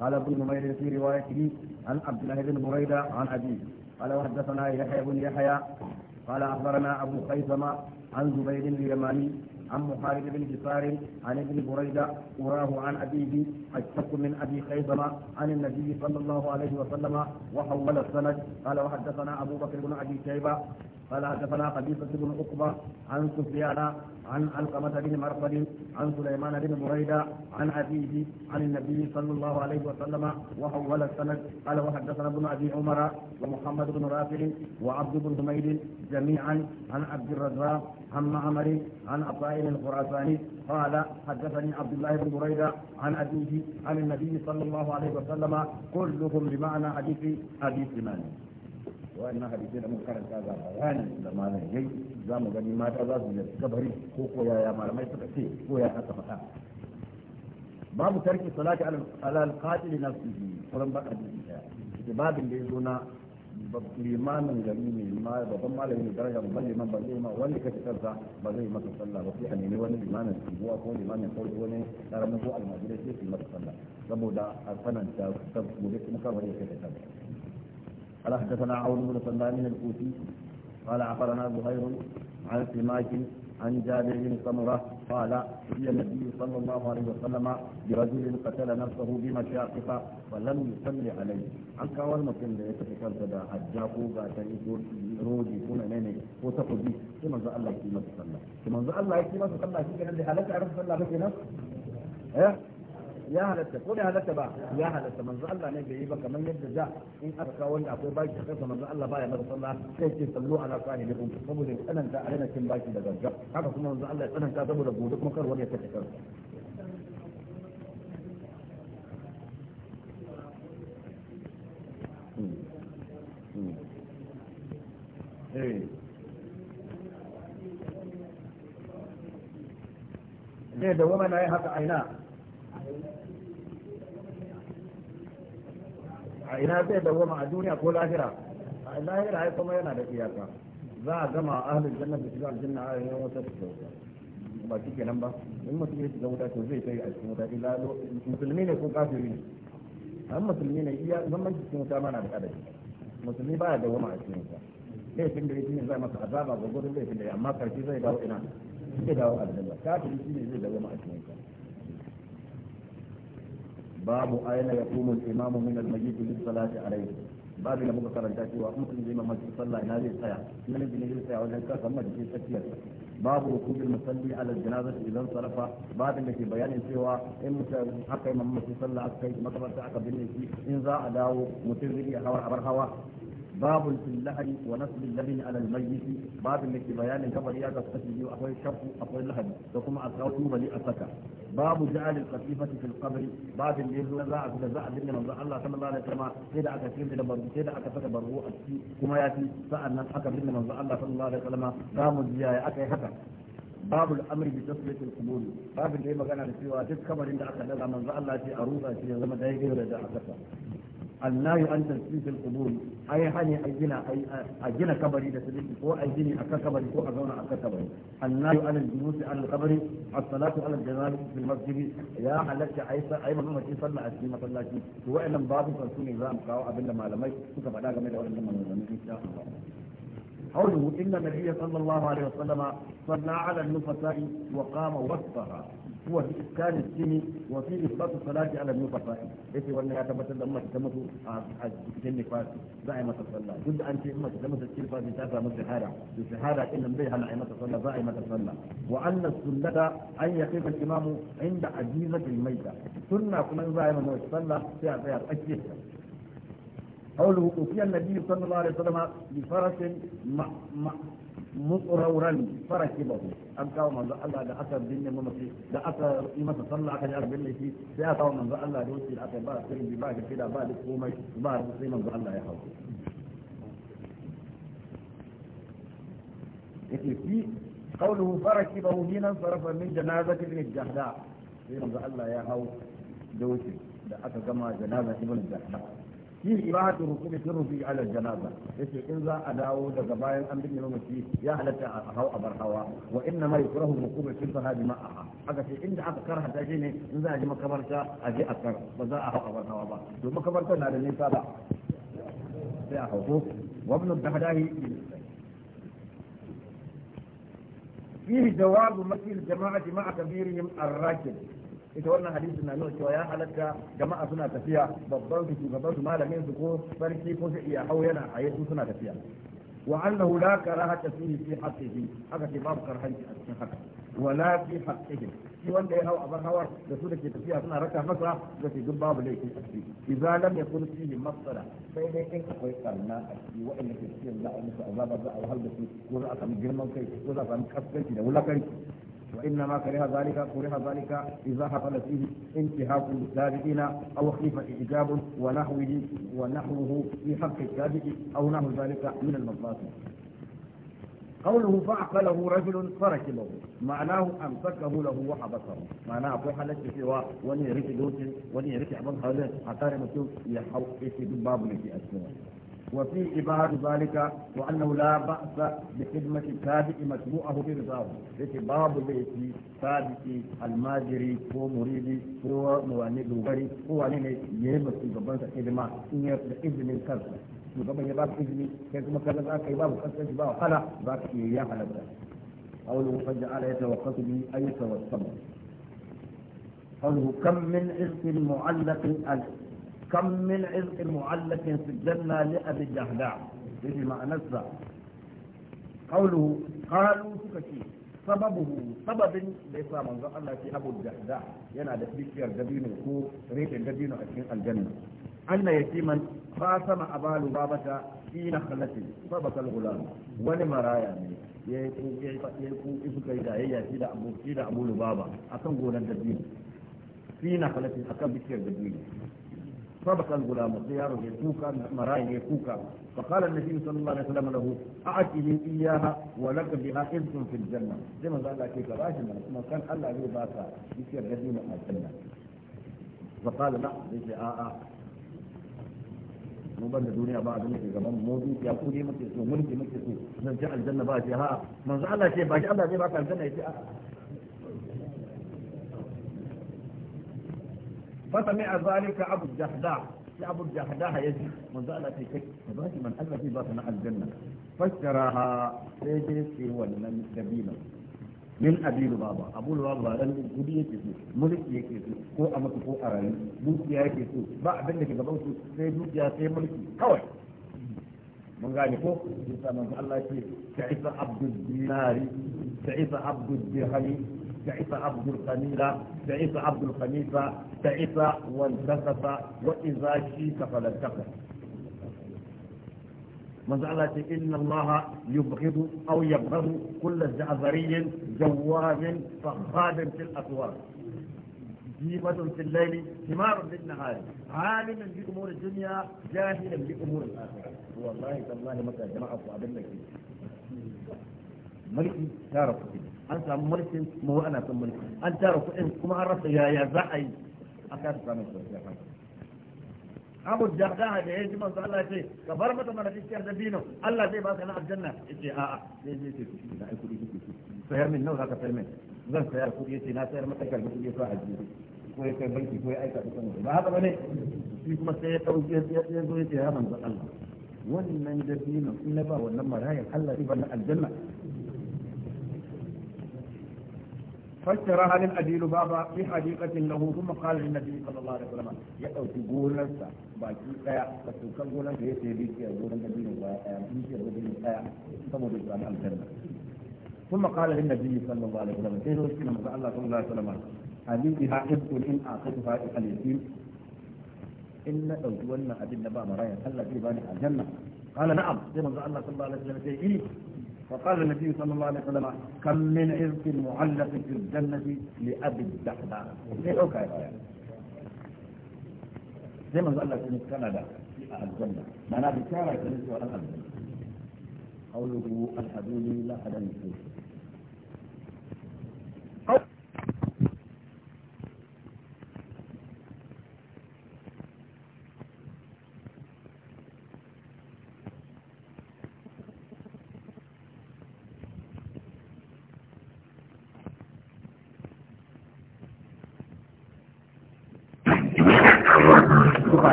قال ابن نمير في روايته عن عبد الله بن بريدة عن أبيه قال وحدثنا يحيى بن يحيى قال أخبرنا أبو خيثمة عن زبير اليماني عن محارب بن جفار عن ابن بريدة وراه عن أبيه أشتق من أبي خيبر عن النبي صلى الله عليه وسلم وحول السند قال وحدثنا أبو بكر بن أبي شيبة قال حدثنا قبيصة بن عقبة عن سفيان عن علقمة بن مرقد عن سليمان بن بريدة عن أبيه عن النبي صلى الله عليه وسلم وحول السند قال وحدثنا ابن أبي عمر ومحمد بن رافع وعبد بن حميد جميعا عن عبد الرزاق عن معمر عن عطاء وائل الخراساني قال حدثني عبد الله بن بريدة عن أبيه عن النبي صلى الله عليه وسلم كلهم بمعنى حديث أبي سنان وأن حديثنا منكر هذا بيان لما نجي زام غني ما تزاز من الكبري كوكو يا يا ما يتكفي كوكو يا حتى باب ترك الصلاة على القاتل نفسه قرن بقى باب اللي يزونا limanin gari ne ma babban malami ne daraja babban liman ba zai ma wani kace kansa ba zai masa sallah ba sai a nemi wani limamin unguwa ko limamin ko wani karamin ko almajiri sai su masa sallah saboda a sananta ta gobe kuma kawai ya kace kansa قال حدثنا عون بن سلمان الكوفي قال عقرنا زهير عن سماك عن جابر بن سمره قال في النبي صلى الله عليه وسلم برجل قتل نفسه بمشاقق فلم يصل عليه عن كاول مسلم لا يتفكر تدا حجاكو باتني روجي كنا نيني وتقو بي كما ذا الله يكي ما تصلى كما ذا الله يكي ما تصلى كي كان اللي حالك صلى الله بكنا ايه ya halatta ko da halatta ba ya halatta manzo Allah ne bai yi ba kamar yadda da in aka kawo wanda akwai baki a kansa manzo Allah baya masa sallah sai ce sallu ala sahibikum saboda da a cin baki da gaggar haka kuma manzo Allah ya tsananta saboda gobe kuma kar wani ya tafi kansa zai hmm. hmm. hmm. eh. eh, da wama na yi haka aina a ina zai dawoma a duniya ko lahira a lahira ai kuma yana da iyaka za a gama ahlul janna da shiga aljanna a yayin wata ta ba shi kenan ba in mutum ya shiga wuta to zai kai a cikin wuta illa musulmi ne ko kafiri ne an musulmi ne iya zaman cikin wuta mana da adadi musulmi ba ya dawoma a cikin wuta fi da ya cikin zai masa azaba ga zai fi da amma karfi zai dawo ina zai dawo aljanna kafiri ne zai dawoma a cikin wuta babu aina ya kuma imamu min al-majid li salati alayhi babu da muka karanta cewa mutum kun zima masjid sallah ina zai tsaya ina ne zai tsaya wajen ka kamar da tsakiyar babu rukunin musalli ala janaza idan sarafa babin da ke bayanin cewa in mutum aka yi mamaki sallah aka kai makabarta aka binne shi in za a dawo mutum zai iya hawa abar hawa باب في اللحن ونصب اللبن على الميت باب اللي في بيان كبر يا قصتي واخوي شرف اخوي اللحن وكما اصغرت بلي اسكا باب جعل القصيفة في القبر باب اللي يزول ذا عبد ذا عبد من الله صلى الله عليه وسلم سيدا اكا كيم دا برو سيدا اكا فتا برو اكي كما ياتي سألنا اكا من الله صلى الله عليه وسلم قام الزيايا اكا يحكا babu al'amri bi tasbiyat al-qubur babin da ya magana da cewa duk kamarin da aka daga manzo Allah ce a ruba shi ya zama daidai da aka annayu an tasbih fil qubur ai hani a gina gina kabari da sabbi ko a gini a kabari ko a zauna a kabari annayu an al-junus al kabari as-salatu ala al-janaz fil masjid ya halatta ai ai muhammad sallallahu alaihi masallaci to wa'annan babu sun ne za mu kawo abinda malamai suka faɗa game da wannan malamai insha Allah قوله إن النبي صلى الله عليه وسلم صلى على النفساء وقام وسطها هو في إسكان السن وفي إثبات الصلاة على النفساء ايش وأن يا تبت لما تتمت الجن آه، آه، فاس دائما تصلى قلت أن إما تتمت الجن فاس تأتى من شهادة بشهادة إن بها نعمة تصلى دائما تصلى وأن السنة أن يقف الإمام عند عجيزة الميتة سنة كمان دائما تصلى فيها فيها أكيد قوله أتي النبي صلى الله عليه وسلم بفرس مقرورا فرس فركبه أم كاو من الله ده أثر بني ممسي ده أثر إما تصلى أكل أرض بين في ده كاو من الله ده أثر الأثر بار سير بباك كده بعد قومي بار سير من ذا الله يحوي إيه، في قوله فرس فركبه هنا صرف من جنازة ابن الجهداء سير من ذا الله يحوي دوسي ده أثر كما جنازة ابن الجهداء shi ibadatu rukubi sun rufi ala janaza yace in za a dawo daga bayan an binne mamaci ya halatta a hau a barhawa wa inna ma yukrahu rukubi fil sahabi ma aha aka ce inda aka karhata shi ne in za a je makabarta a je a kar ba za a hau a barhawa ba to makabarta na da nisa ba sai a hau ko wa ibn al-dahdahi فيه جواب مثل الجماعة مع كبيرهم الراكب ita wannan hadisi na nuna cewa ya halatta jama'a suna tafiya babban su shugaban su malamin su ko sarki ko sai iya hau yana a yasu suna tafiya wa annahu la karahata fihi fi haqqihi haka ce babu karhanci a cikin haka wala fi haqqihi shi wanda ya hau a bar hawar da su da ke tafiya suna raka masa da su duk babu laifi a ciki idza lam yakun fihi masala sai dai in akwai karna a ciki wa'anda ke cikin za a musu azaba za a wahal da su ko za a sami girman kai ko za a sami kaskanci da wulakanci وإنما كره ذلك كره ذلك إذا حصل فيه انتهاك للتابعين أو خيفة إجاب ونحوه ونحوه في حق التابع أو نحو ذلك من المظلات قوله فعقله رجل فركبه معناه امسكه له وحبسه معناه akwai halacci سوى وني ya rike dokin wani ya rike abin halin a tare mutum ya وفي إبعاد ذلك وأنه لا بأس بخدمة التابع مجموعه برضاه لكن باب بيتي تابعي الماجري هو مريدي هو موانيد وغري هو أنني يهمس في جبان خدمة إن يبدأ إذن الكرسي يبقى يباب إذني كيف ما كان ذاك يباب كرسي يباب خلا ذاك إياه على ذلك قوله فجعل يتوقف به أي والصبر قوله كم من عزق معلق كم من عزق معلق في الجنة لأبي الدهداء في معنى قوله قالوا سكتي sababu sababin da yasa manzon Allah ke Abu Dahda yana da bishiyar dabino ko reshen dabino a cikin aljanna anna yatiman qasama abalu babata fi nakhlati sabaka al-ghulam wani maraya ne ya ku ya ku isu kai da yayya shi da abu shi abu lubaba akan gonar dabino fi nakhlati akan bishiyar dabino فبكى الغلام سياره يكوكا مراي يكوكا فقال النبي صلى الله عليه وسلم له أعطني إياها ولك بها إذن في الجنة زي ما قال لك راجل ما كان الله لي باكا يصير جزيمة الجنة فقال لا ليس آآ آه. mu ban da duniya ba abin da ke gaban mu dukiya ku ne muke so mulki muke so zan ci aljanna ba ce ha manzo Allah ce ba shi Allah zai baka aljanna yace a'a فسمع ذلك أبو الجهداء في أبو الجهداء يجي من ذلك يكيك فذلك من أجل في بطن الجنة فاشتراها سيدي سيوى لنا من من أبي البابا أبو البابا لن يجب يكيسو ملك يكيسو كو أمك كو أراني بوك يكيسو با أبنك يبوسو سيدو يا سيد ملك كوي من قال كو إنسان الله يكيسو عبد الديناري كعيسى عبد الدرهمي تعس عبد الخميرة تعس عبد الخميسة تعس وانتكس وإذا شيك فلتقف من زعل إن الله يبغض أو يبغض كل زعزري جواب فخاد في الأطوار جيبة في الليل ثمار للنهار عالم بأمور الدنيا جاهلا بأمور الآخرة والله تالله متى جمعت وعبدنا الله ملكي تعرف فيه an samu mulkin mu ana son mulki an tara kuɗin kuma an rasa yaya za a yi a kasa samun kwanciyar hankali abu da da ya ji manzo Allah ce ka bar mata mana dukiyar da dino Allah zai baka na aljanna yace a'a sai zai ce da ai kudi kike sayar min nawa zaka sayar min zan sayar kudi yace na sayar mata kalbi kudi to ajiye ko ya kai banki ko ya aika da sanin ba haka bane shi kuma sai ya dauke ya zo yace ya manzo Allah wannan da dino in na ba wannan marayan Allah zai bani aljanna فاشتراها للأبيل بابا في حديقة له ثم قال للنبي صلى الله عليه وسلم يأو تقول لنسا باكي قيا فتوكا قولا في سيديك يقول النبي الله يمشي الرجل قيا ثم الإسلام الجنة ثم قال للنبي صلى الله عليه وسلم إيه رسول الله صلى الله عليه وسلم هذه إبت إن آخذها اليتيم إن أوتونا أبن نبا مرايا الله في بني الجنة قال نعم زي رسول الله صلى الله عليه وسلم إيه فقال النبي صلى الله عليه وسلم كم من عرق معلق في الجنة لأبي الدحداء إيه أوكا يا زي ما قال لك في كندا الجنة ما معناها بشارة كندا الجنة قوله أشهد لا أحد يشرك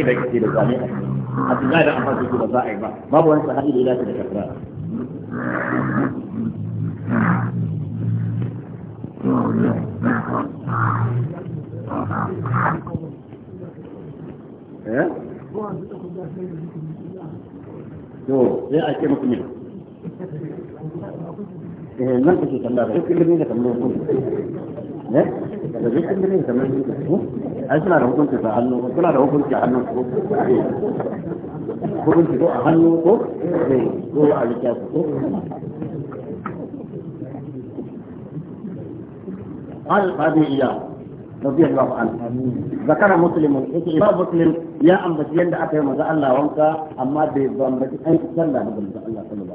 sahabbai da ke da zane a cikin da ba za a yi ba babu wani sahabi da ya dace da kafara eh? to sai a ce muku ne eh, nan kuke tambaya duk ilimin da ne da zai kan gane kamar su ai suna da hukunci a hannu suna da hukunci a hannu ko hukunci ko a hannu ko ko a littafi ko قال القاضي إياه رضي الله عنه ذكر مسلم إمام مسلم يا أم بتيان دا أكيد مزا الله وانك أما دي أي الله صلى الله عليه وسلم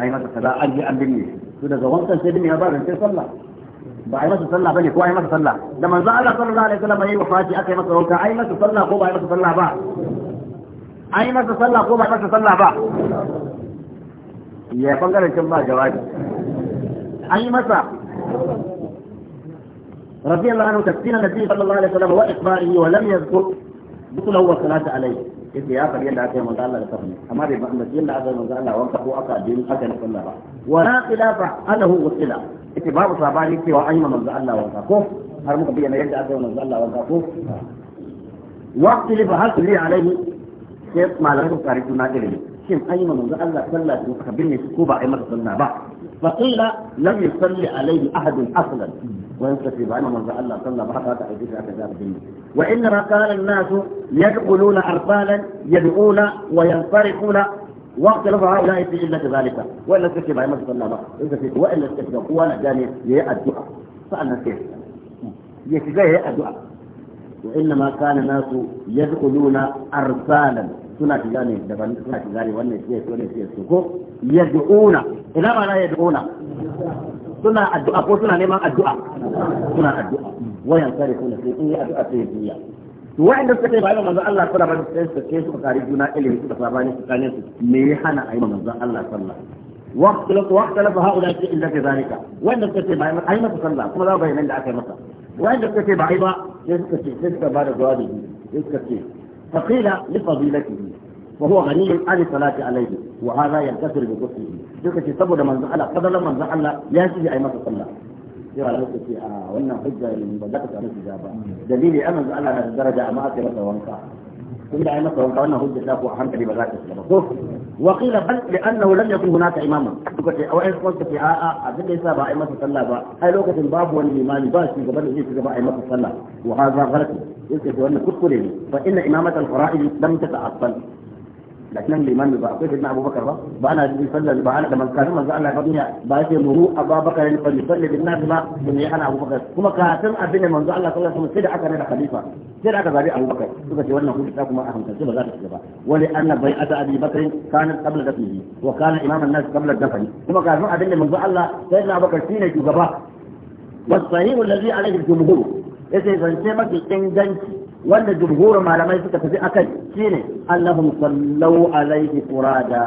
أي أي كذا أم بني سودا سيدني ba ai masa sallah bane ko ai masa sallah da manzo Allah sallallahu alaihi wasallam yayi wafati aka yi masa wanka ai masa sallah ko ba ai masa sallah ba ai masa sallah ko ba ai masa sallah ba ya bangaren can ba jawabi an yi masa رضي الله عنه تكفير النبي صلى الله عليه وسلم واخباره ولم يذكر دخله والصلاه عليه yake ya faɗi yadda aka yi manzo Allah da kafin amma bai ba yadda aka yi manzo Allah wanka ko aka addini aka ne sallah ba wa la khilafa annahu wasila yake babu sabani cewa an yi manzo Allah wanka ko har muka bayyana yadda aka yi manzo Allah wanka ko waqti li fa hasli alaihi sai malamin tsari suna ilimi shin an yi manzo Allah sallah ko aka binne ko ba a yi masa sallah ba fa qila lam yusalli alaihi ahadun aslan ويكتفي بأن من الله صلى الله عليه وسلم أكذاب الجنة وإنما كان الناس يدخلون أرطالا يدعون وقت رفع هؤلاء في إلا ذلك وإلا استكفي بأن من صلى الله عليه وسلم وإلا استكفي قوانا جاني يهي الدعاء فأنا كيف يكفي يهي الدعاء وإنما كان الناس يدخلون أرطالا suna shiga ne daban suna shiga ne wannan shi wannan shi su ko yad'una ina ma na yad'una suna addu'a ko suna neman addu'a suna addu'a wayan sare kuna sai in yi addu'a sai biya wa'anda suka kai bayan manzon Allah sallallahu alaihi wasallam sai suka suka kare juna ilimi suka sabani su kane su me ya hana ayi manzon Allah sallallahu واختلف واختلف هؤلاء الا في ذلك وين تكتب اي ما تصلى كما لا بين عند اكل مكه وين تكتب عيبه يسكت يسكت بعد جوابه يسكت فقيل لفضيلته وهو غني عن الصلاة عليه وهذا يكثر بكفره تلك في سبب من زعل قدر لما زعل لا شيء أي ما تصلى يرى لك في وإنه حجة من بدك تعمل دليل دليلي أنا زعل هذه الدرجة ما أكبر وانقع كل أي ما توانقى وانا حجة لك وحمد لي بدك وقيل بل لأنه لم يكن هناك إماما تلك لك أو قلت في آآ أعزل إسابة أي ما تصلى هاي لوقة الباب والإيمان باش قبل إيه تجبع أي ما تصلى وهذا غلط يلتفت وأن كل فإن إمامة الفرائض لم تتعطل لكن الإمام بقى كيف ابن أبو بكر بقى بأنا يصلي بعنا لما كان من زعل الدنيا بأيش يمرو أبو بكر يقول يعني يصلي بالناس ما من أنا أبو بكر ثم كاتم أبن من زعل صلى الله عليه وسلم سيد أكبر من خليفة سيد أكبر أبو بكر ثم تولى كل ما أهم تنسيب ذات الشباب ولأن بيعة أبي بكر كانت قبل دفنه وكان إمام الناس قبل الدفن ثم كاتم أبن من زعل سيدنا أبو بكر سينا جبا والصحيح الذي عليه الجمهور يسير فانسيبك إنجنسي wanda jumhurin malamai suka tafi akai shine annahum sallau alaihi furada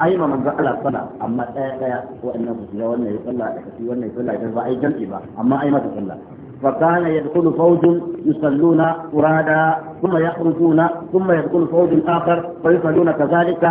ai ma manzo Allah sallah amma daya daya wa'annan su ga wannan ya sallah da kafi wannan ya sallah idan ba ai jam'i ba amma ai masa sallah فكان يدخل فوج يصلون فرادا ثم يخرجون ثم يدخل فوج اخر فيصلون كذلك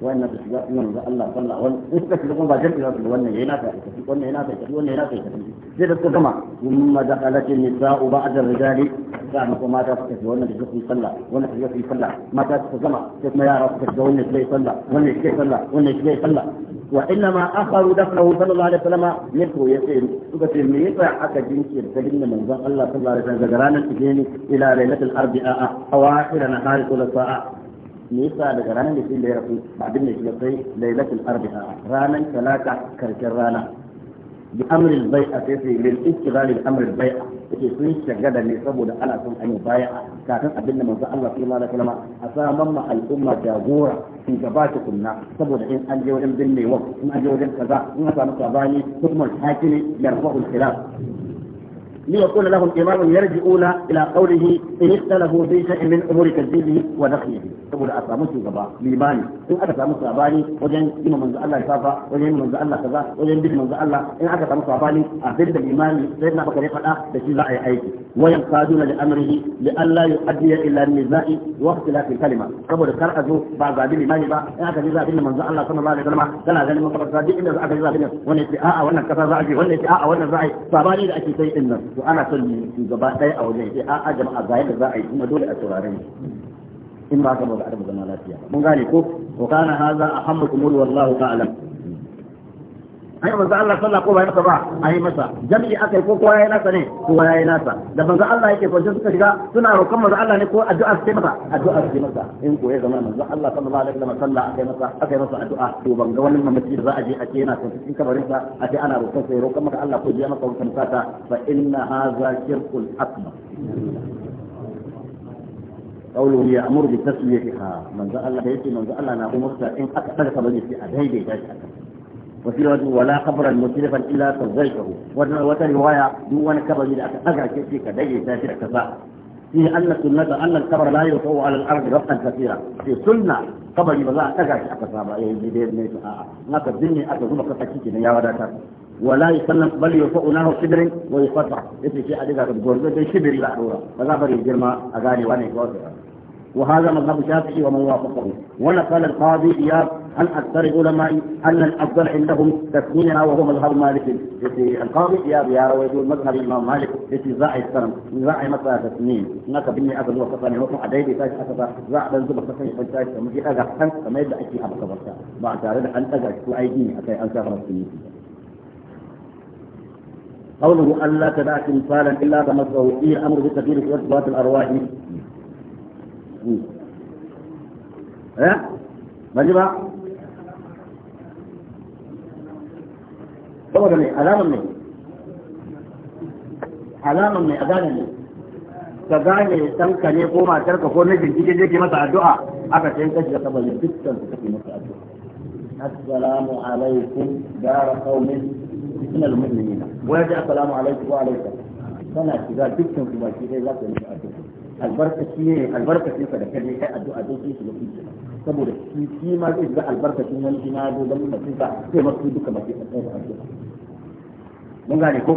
wannan su shiga nan ga Allah sallah wannan in suka shiga kuma ba jami'a su wannan yana ta tafi wannan yana ta tafi wannan yana ta tafi sai da suka gama kuma da halatin nisa'u ba'da rijali sa'an kuma mata suka shiga wannan da suka yi sallah wannan suka yi sallah mata suka gama sai kuma yara suka shiga wannan suka yi sallah wannan suka yi sallah wannan suka yi sallah وإنما أخروا دفنه صلى الله عليه وسلم يدعو يسير سبة من يسعى أكدين كير تجن من ذا الله صلى الله عليه وسلم زجران التجين إلى ليلة الأربعاء أواخر نهار كل ساعة me yasa daga ranar litinin da ya rasu ba abin da shiga sai lailatul arbi'a ranar talata karshen rana bi amril bai'a sai sai lil istighal bi amril bai'a yake sun shagada ne saboda ana son an yi bai'a kafin abin da manzo Allah sallallahu alaihi wasallam a saman ma al'umma jagora in gaba ta kunna saboda in an je wajen binnewa in an je wajen kaza in aka samu sabani hukumar hakimi yarfa'ul khilaf ليكون لهم إمام يرجعون إلى قوله إن اختلفوا في شيء من أمور تجديده ونقيه يقول أسلام سيغبا ليباني إن أتى سلام سيغباني وجن إما منذ الله يسافى وجن منذ الله كذا وجن بيت منذ الله إن أتى سلام سيغباني أفرد الإمام سيدنا بكري قد أخذ آه، بشي وينقادون لأمره لألا يؤدي إلى النزاع واختلاف الكلمة قبل كرأزه بعد ذلك الإمام با إن أتى جزاء بنا منذ الله صلى الله عليه وسلم كان هذا المطلق ذلك إن أتى جزاء بنا ونسي آآ ونسي آآ ونسي آآ ونسي آآ ونسي آآ ونسي آآ ونسي آآ ونسي آآ to ana son ne shugaba ɗaya a wajen sai a'a jama'a ga yadda za a yi kuma dole a saurare ne in ba ka ba za a zama lafiya mun gane ko ko kana hadha ahammukum wallahu a'lam ai manzo Allah sallallahu alaihi wasallam ba ai masa jami'i akai ko kowa yayi nasa ne kowa yayi nasa da manzo Allah yake kwaje suka shiga suna roƙon manzo Allah ne ko addu'a sai masa addu'a sai masa in ko ya zama manzo Allah sallallahu alaihi wasallam sallah akai masa akai masa addu'a to ban ga wannan mamaci da za a je a ce yana son cikin kabarin sa a ce ana roƙon sai roƙon maka Allah ko je maka wannan sata fa inna hadha shirkul akbar قوله يأمر بتسويتها من ذا الله يأتي من ذا الله نعم مرسى إن أكثر فبدي في أدهي بيجاج أكثر وفي رواية ولا قبرا مسلفا إلا سويته وفي رواية دون كبر إذا أتأجع كيفك دي سافر كفاء فيه أن السنة أن القبر لا يطوى على الأرض رفعا كثيرا في سنة قبر بلا أتأجع كفاء ما تبني أتظم كفاكيك يا وداتا ولا يسلم بل يطوى له شبر ويقطع يتي شيء أدقى تقول بي شبر لا أورا فذا فريق جرما أغاني واني كوزر وهذا مذهب الشافعي ومن وافقه قال القاضي اياد هل اكثر العلماء ان الافضل عندهم تسمينا وهو مذهب مالك القاضي اياد يا رويت مذهب الامام مالك في زاع السلم زاع مساله تسمين هناك بني ابل وصفني وقع دايدي فاش اسفا زاع بن زبر تسمين فاش مجي اغا حن فما يبدا شيء ابقى كبرتا بعد ذلك ان اغا شو ايدي اكاي ان زغر قوله ألا تدع تمثالا إلا تمسه فيه الأمر بالتكبير في ارتباط الأرواح Eh? ba ji ba saboda mai alamar mai alamar mai a gane ne ka gane tanka ne ko matar ka ko nufin cikin yake masa addu'a aka ce yin kashi da saboda yin dukkan su kake masa addu'a assalamu alaikum dara kaunin cikin almu'minina wa ya assalamu alaikum wa alaikum kana shiga dukkan su ba shi zai za ka yi addu'a albarkaci ne albarkacin sa da kaje kai addu'a don su ga kuɗi saboda shi shi ma zai ga albarkacin wani shi ma zo ganin mutum sa sai masu duka mace ta kai addu'a mun gane ko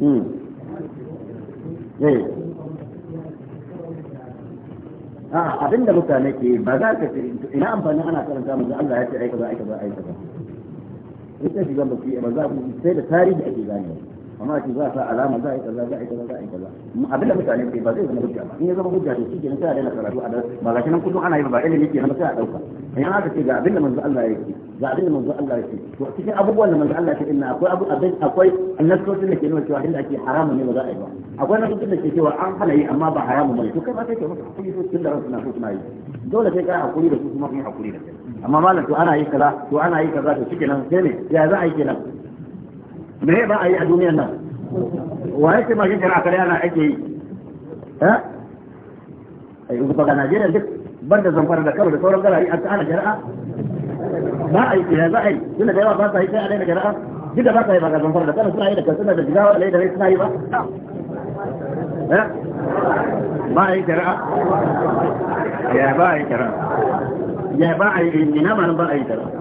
mm eh a abin da mutane ke ba za ka ce ina amfani ana karanta mu Allah ya ce aika za aika za aika ba ita shiga ba ba za ku sai da tarihi ake ganewa amma shi za sa alama za a yi kaza za a yi kaza za a yi kaza abin da mutane ke ba zai zama hujja ba in ya zama hujja to shike sai a daina karatu a da ba ga nan kullum ana yi ba ilimi ke nan sai a dauka in aka ce ga abin da manzo Allah ya ce ga abin da manzo Allah ya ce to cikin abubuwan da manzo Allah ya ce inna akwai abu abin akwai annasosin da ke nuna cewa inda ake haramun ne ba za a yi ba akwai nasosin da ke cewa an hana yi amma ba haramun bane to kai ba sai ke maka hakuri so tun da ransu na so suna yi dole sai ka hakuri da su kuma kai hakuri da kai amma malam to ana yi kaza to ana yi kaza to shike nan sai ne ya za a yi kenan me ba a yi a duniyar nan wa yake ma a kare ana ake yi ba eh? ga Najeriya duk ban da zamfara da kawai da sauran galari a ta'ala jara'a ba a yi ya za a yi tunda da yawa ba sa yi sai a daina jara'a duk da ba sa yi ba ga zamfara da kawai suna yi da suna da jigawa da rai suna yi ba eh? ba a yi jara'a ya ba a yi jara'a ya ba a yi ina ma ba a yi jara'a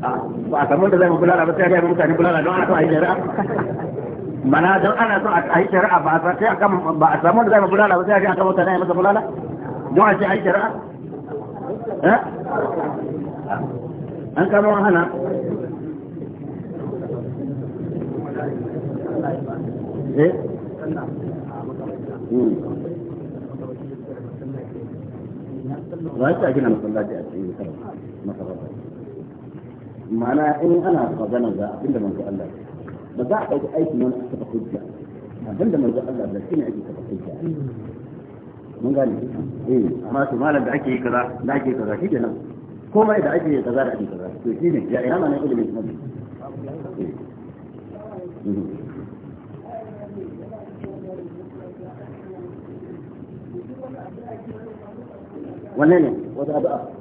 ba a samu da zai bulala ba sai ga mutane bulala don ana so a yi jari'a mana don ana so a yi jari'a ba a sai aka ba a samu da zai bulala ba sai ga aka mutane masa bulala don a ce a yi jari'a eh an kama hana eh hmm. ba ta gina masallaci a ma'ana in ana magana ga abinda manzo Allah ba za a ɗauki aikin wani aka taɓa hujja abinda manzo Allah da shi ne ake taɓa hujja mun gane eh amma to malam da ake kaza da ake kaza shi kenan komai da ake kaza da ake kaza to shi ne ya ina ma ne ilimin kuma wannan ne wata abu'a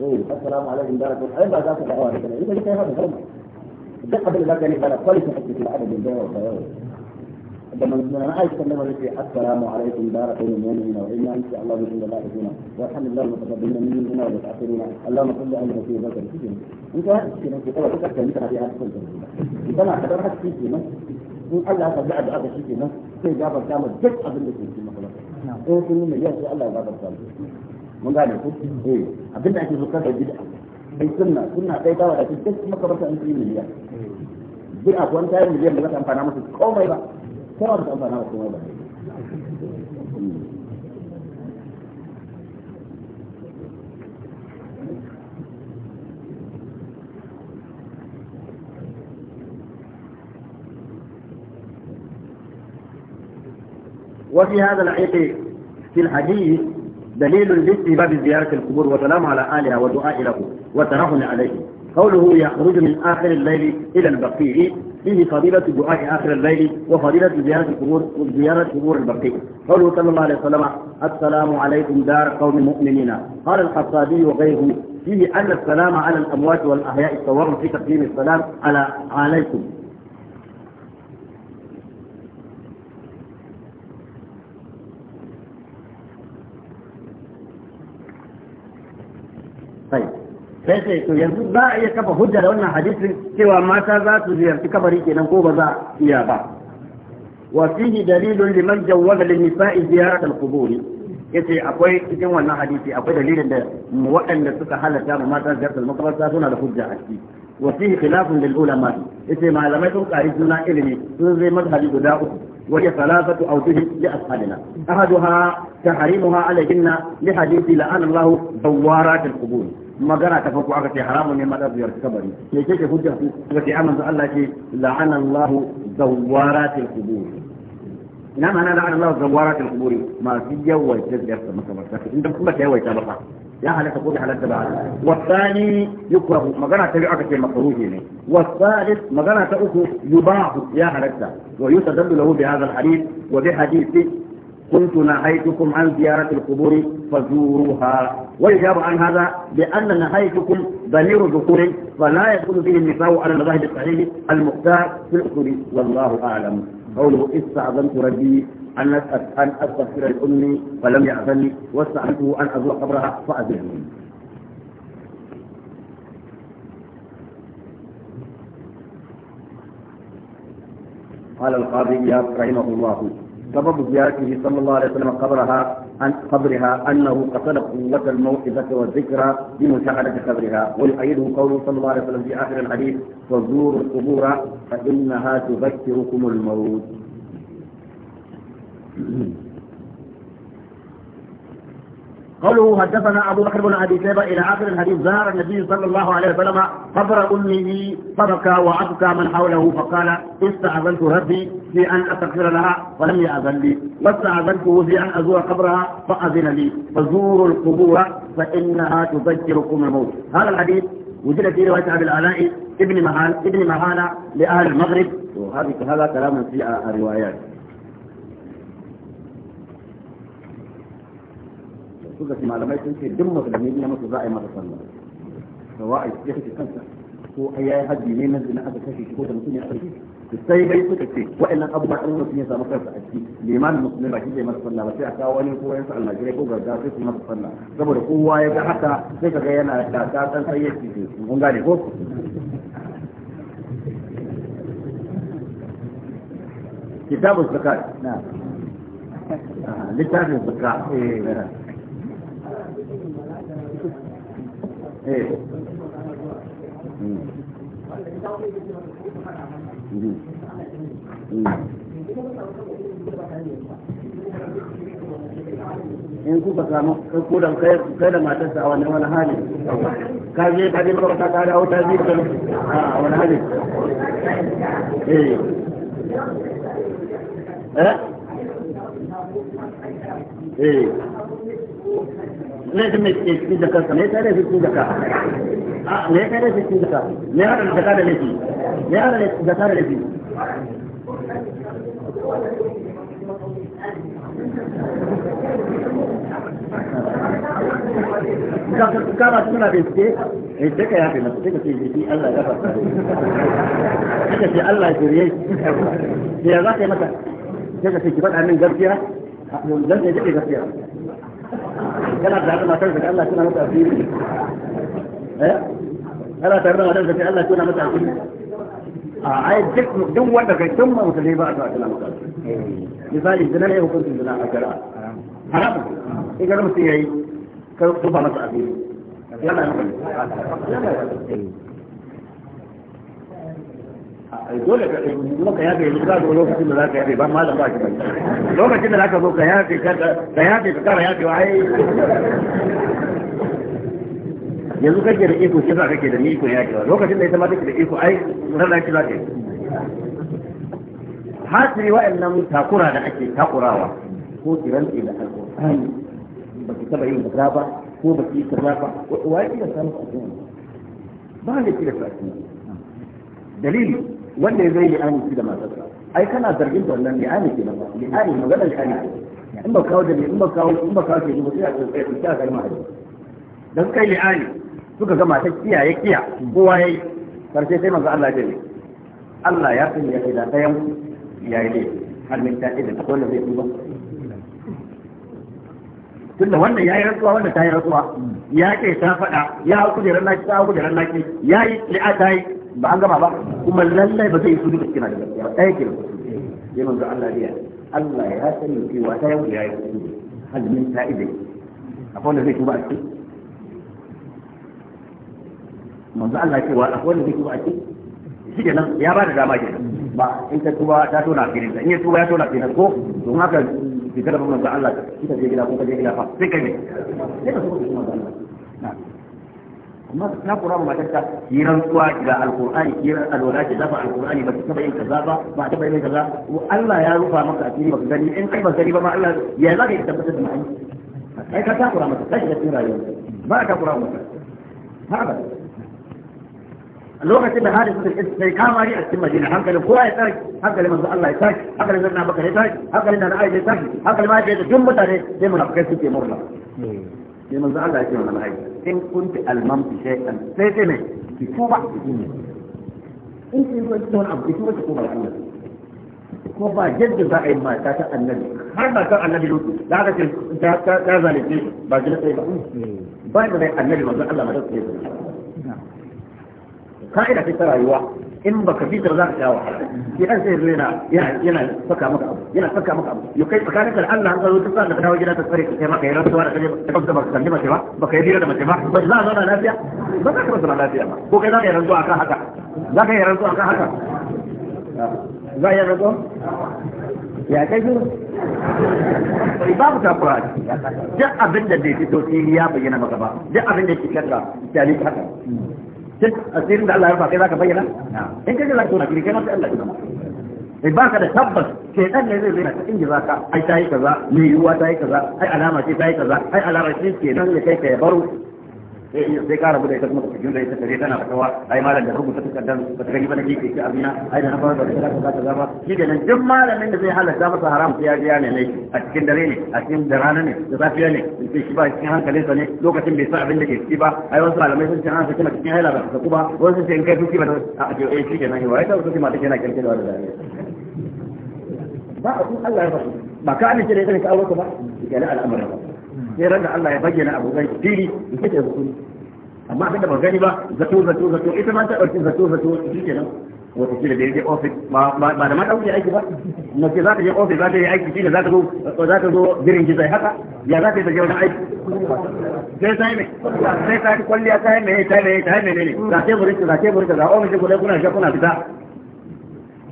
طيب، يعني السلام عليكم بارك الله فيكم هذا اللي في العدد لما عايز لك السلام عليكم بارك ان شاء الله باذن الله بكنا والحمد لله اللهم صل على النبي انت في قوه انت في هذا انت انا حضرتك في كلمه ان الله تبع بعض الشيء كلمه في جابر كامل نعم الله يبارك فيك mun gane ku eh abinda ake so kada bid'a kai sunna sunna kai ta wada duk makabarta an yi miliyan bid'a ko an tayar miliyan ba za ta amfana musu komai ba kai ba ta amfana musu komai ba وفي هذا العيق في الحديث دليل لاستباب زيارة القبور وسلام على آلها ودعاء له وترهن عليه قوله يخرج من آخر الليل إلى البقيع فيه فضيلة دعاء آخر الليل وفضيلة زيارة القبور وزيارة قبور البقيع قوله صلى الله عليه وسلم السلام عليكم دار قوم مؤمنين قال الحصابي وغيره فيه أن السلام على الأموات والأحياء التورم في تقديم السلام على عليكم sai sai to yanzu za a iya kafa hujja da wannan hadisin cewa mata za su ziyarci kabari kenan ko ba za iya ba wa fihi dalilun liman jawwaza lin nisa'i ziyarat al-qubur yace akwai cikin wannan hadisi akwai dalilin da waɗanda suka halatta ma mata ziyartar makabarta suna da hujja a ciki wa fihi khilafun lil ulama yace malamai sun kari juna ilimi sun zai mazhabi guda uku وهي ثلاثة أوجه لأصحابنا أحدها تحريمها عليهن لحديث لعن الله دوارات القبور magana ta farko aka ce haramun ne maza ziyar kabari me ke ke hujja ku suka ce amanzu Allah ke la'ana Allah zawaratil qubur ina ma'ana la'ana Allah zawaratil qubur yawai yawaita ziyar ta makabarta inda kuma ta yawai ta ba ya halatta ko bai halatta ba wasani yukrahu magana ta biyu aka ce makruhi ne wasalis magana ta uku yubahu ya halatta wa yusaddu lahu bi hadha al-hadith wa bi hadithi كنت نهيتكم عن زيارة القبور فزوروها ويجاب عن هذا بأن نهيتكم ضمير ذكور فلا يكون فيه النساء على المذاهب الصحيح المختار في الأصول والله أعلم قوله استعظمت ربي أن أن أستغفر لأمي فلم يأذني واستعنته أن أزور قبرها فأذنني قال القاضي رحمه الله سبب زيارته صلى الله عليه وسلم قبرها أن قبرها أنه قتل قوة الموعظة والذكرى بمشاهدة قبرها ويؤيده قوله صلى الله عليه وسلم في آخر الحديث فزوروا القبور فإنها تذكركم الموت قوله حدثنا أبو بكر بن أبي شيبة إلى آخر الحديث زار النبي صلى الله عليه وسلم قبر أمه فبكى وأبكى من حوله فقال استعذلت ربي في أن أستغفر لها ولم يأذن لي واستعذلته في أن أزور قبرها فأذن لي فزوروا القبور فإنها تذكركم الموت هذا الحديث وجد في رواية أبي الآلاء ابن مهان ابن مهانة لأهل المغرب وهذا هذا كلام في الروايات suka ce malamai sun ce duk musulmi ne musu za a yi masa sallah da wa'ai ya kace kansa ko ai yayi haji ne nan zina aka kashe shi ko da mutum ya kashe shi sai dai suka ce wa'annan abubuwa ɗin mutum ya samu kansa a ciki limamin musulmi ba shi zai masa sallah ba sai a kawo wani ko yansa almajirai ko garga sai su masa sallah saboda kowa ya ga haka sai kaga yana da kasan sai ya ci kun gane ko كتاب الزكاة نعم لتعرف الزكاة Eh. in kuka samu ko da kai da matarsa a wannan wani hali ka je ka je ka zai a wani hali eh eh, eh. laifin mai ke cikin da kansa mai tare cikin da ka mai tare cikin da ka mai hada da da laifi mai hada da da laifi kama suna da suke eh duka ya fi masu duka ce jiki Allah ya fasa duka ce Allah jiriye ya za ka yi mata duka ce ki faɗa min gaskiya dan ne duka gaskiya kana tare da matar da Allah tuna mata asiri eh kana tare da matar da Allah mata asiri a ai duk wanda kai tun ma mutane ba ta tuna mata asiri misali zina ne hukuncin zina a haram in yayi ka tuba asiri yana yana ai dole ka kuma ka yafe yanzu ka lokacin da za yafe ba ba lokacin da zo ka yafe ka yafe ka kara yafe ai yanzu kake da iko shi kake da ni iko yafe lokacin da ya ma take da iko ai rana ki za ka yi hasiri takura da ake takurawa ko kiran da alƙur'ani ba taba yin kaza ba ko ba ki ba wa ya kira samu ba ne kira samu dalili wanda ya zai li'ani shi da matarsa ai kana zargin da wannan li'ani ke nan li'ani magana li'ani in ba kawo da in ba kawo in ba kawo ke ni, ba sai a tsaye ku ta kalma hadin dan kai li'ani suka ga matar kiyaye kiya kowa yayi karshe sai manzo Allah ya ce Allah ya san ya da dayan ya yi har min ta idan ko da zai duba tunda wannan ya yi rasuwa, wannan ta yi rasuwa, ya ce ta faɗa ya kujerar naki ta kujerar naki yayi li'a ta yi ba an gama ba kuma lallai ba zai yi cikin ba ɗaya ke ya manzo Allah ya Allah ya sani wa ta yau ya yi ta zai tuba a cikin manzo Allah zai tuba a cikin shi nan ya ba da dama ke ba in ta tuba ta tona filin in ya tuba ya tona filin ko don haka fitar da manzo Allah kika je gida ko ka je gida fa sai kai ne sai ka tuba manzo Allah na kura ma matarka ki rantsuwa ga alqur'ani ki alwala ki dafa alqur'ani ba ki taba yin kaza ba ba taba yin kaza Allah ya rufa maka asiri ba gani in kai ba gani ba ma Allah ya zaka yi tabbatar da mai ai ka ta kura mata kai da cikin rayuwa ba ka kura mata haka lokacin da hadis da sai kamari a cikin madina hankalin kowa ya tsaki hankalin manzo Allah ya tsaki hankalin zanna baka ya tsaki hankalin da na aisha ya tsaki hankalin ma ya da duk mutane sai munafikai suke murna sai manzo Allah ya ce wannan hayi in kunti almamti shay'an sai sai ne ki tuba ki ne in kin ko ta wani abu ki tuba ki tuba Allah ko ba jadda za a yi mata ta annabi har ba kan annabi lutu da aka ce ta zalunce ba gina sai ba ba da annabi manzo Allah ma da sai ka'ida ta rayuwa in baka bi ta za ka sha wahala idan sai zo yana yana saka maka abu yana saka maka abu yau kai tsakanin ka Allah an zo ta sa da dawo gida ta tsare ka kai maka yaran suwa da kai ba ka baka sanje mace ba baka yi hira da mace ba ba za a zauna lafiya ba za ka zauna lafiya ba ko kai za ka yi rantsuwa akan haka za ka yi rantsuwa akan haka za ya yi rantsuwa ya kai shiru babu takura duk abin da bai fito fili ya bayyana maka ba duk abin da ke kanka ta ne haka duk asirin da Allah ya rufa kai zaka bayyana in kai zaka tona kai ma sai Allah ya zama baka eh, da tabbas ke dan ne zai zai ta inji zaka ai tayi kaza mai yuwa tayi kaza ai alama ce tayi kaza ai alama ce kenan ya kai ka ya baro sai ka rabu da ita kuma ka da ita kare tana ai malam da rubuta takardar ba ta gani ba nake ke abina ai da na fara da ta shi da nan duk malamin da zai halatta masa haram sai ya je ya a cikin dare ne a cikin rana ne da safiya ne sai shi ba cikin ne lokacin bai san abin da ke ciki ba ai wasu malamai sun ce an saki cikin haila ba ta kuma wasu sai in kai ba a ce eh shi ta wasu da ba a kun Allah ya ba ka amince da ita ne ka aure ka ba ya al'amarin ba sai ran Allah ya bayyana abu zai fili in kace su amma abin da magani ba zato zato zato ita ma ta dauki zato zato shi kenan wata kila da yake ofis ba da ma dauke aiki ba na ce za ta je ofis za ta yi aiki kila za ta zo za ta zo birin ki zai haka ya za ta je wajen aiki sai sai ne sai ta kwalliya ta ne ta ne ta ne ne ga teburin ga teburin ga ofis kuna kuna fita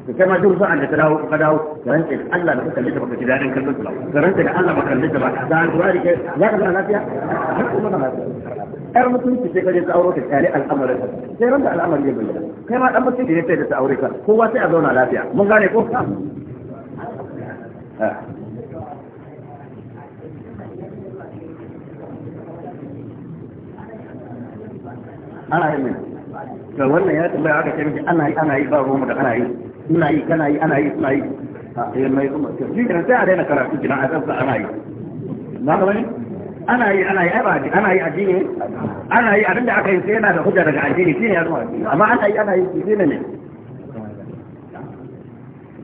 ka kai ma duk sa'an da ka da Allah da ka kalle ta baka ji dadin kallon ka rantsa da Allah baka kalle ba za ka lafiya har kuma na lafiya mutunci sai ka je aure ka al'amarin sai ranta al'amarin ya bayyana kai ma dan mutunci ne sai da ta aure ka kowa a zauna lafiya mun gane ko ana yi mai to wannan ya tambaya aka ce miki ana yi ana yi ba ruwan da ana yi muna yi kana yi ana yi suna yi a yi eh, mai kuma shi kenan sai a daina karatu kina a kansa ana yi na ga wani ana yi ana yi ai ba ana yi addini ana yi abinda aka yi sai yana da hujja daga addini shine ya zama amma ana yi ana yi shine ne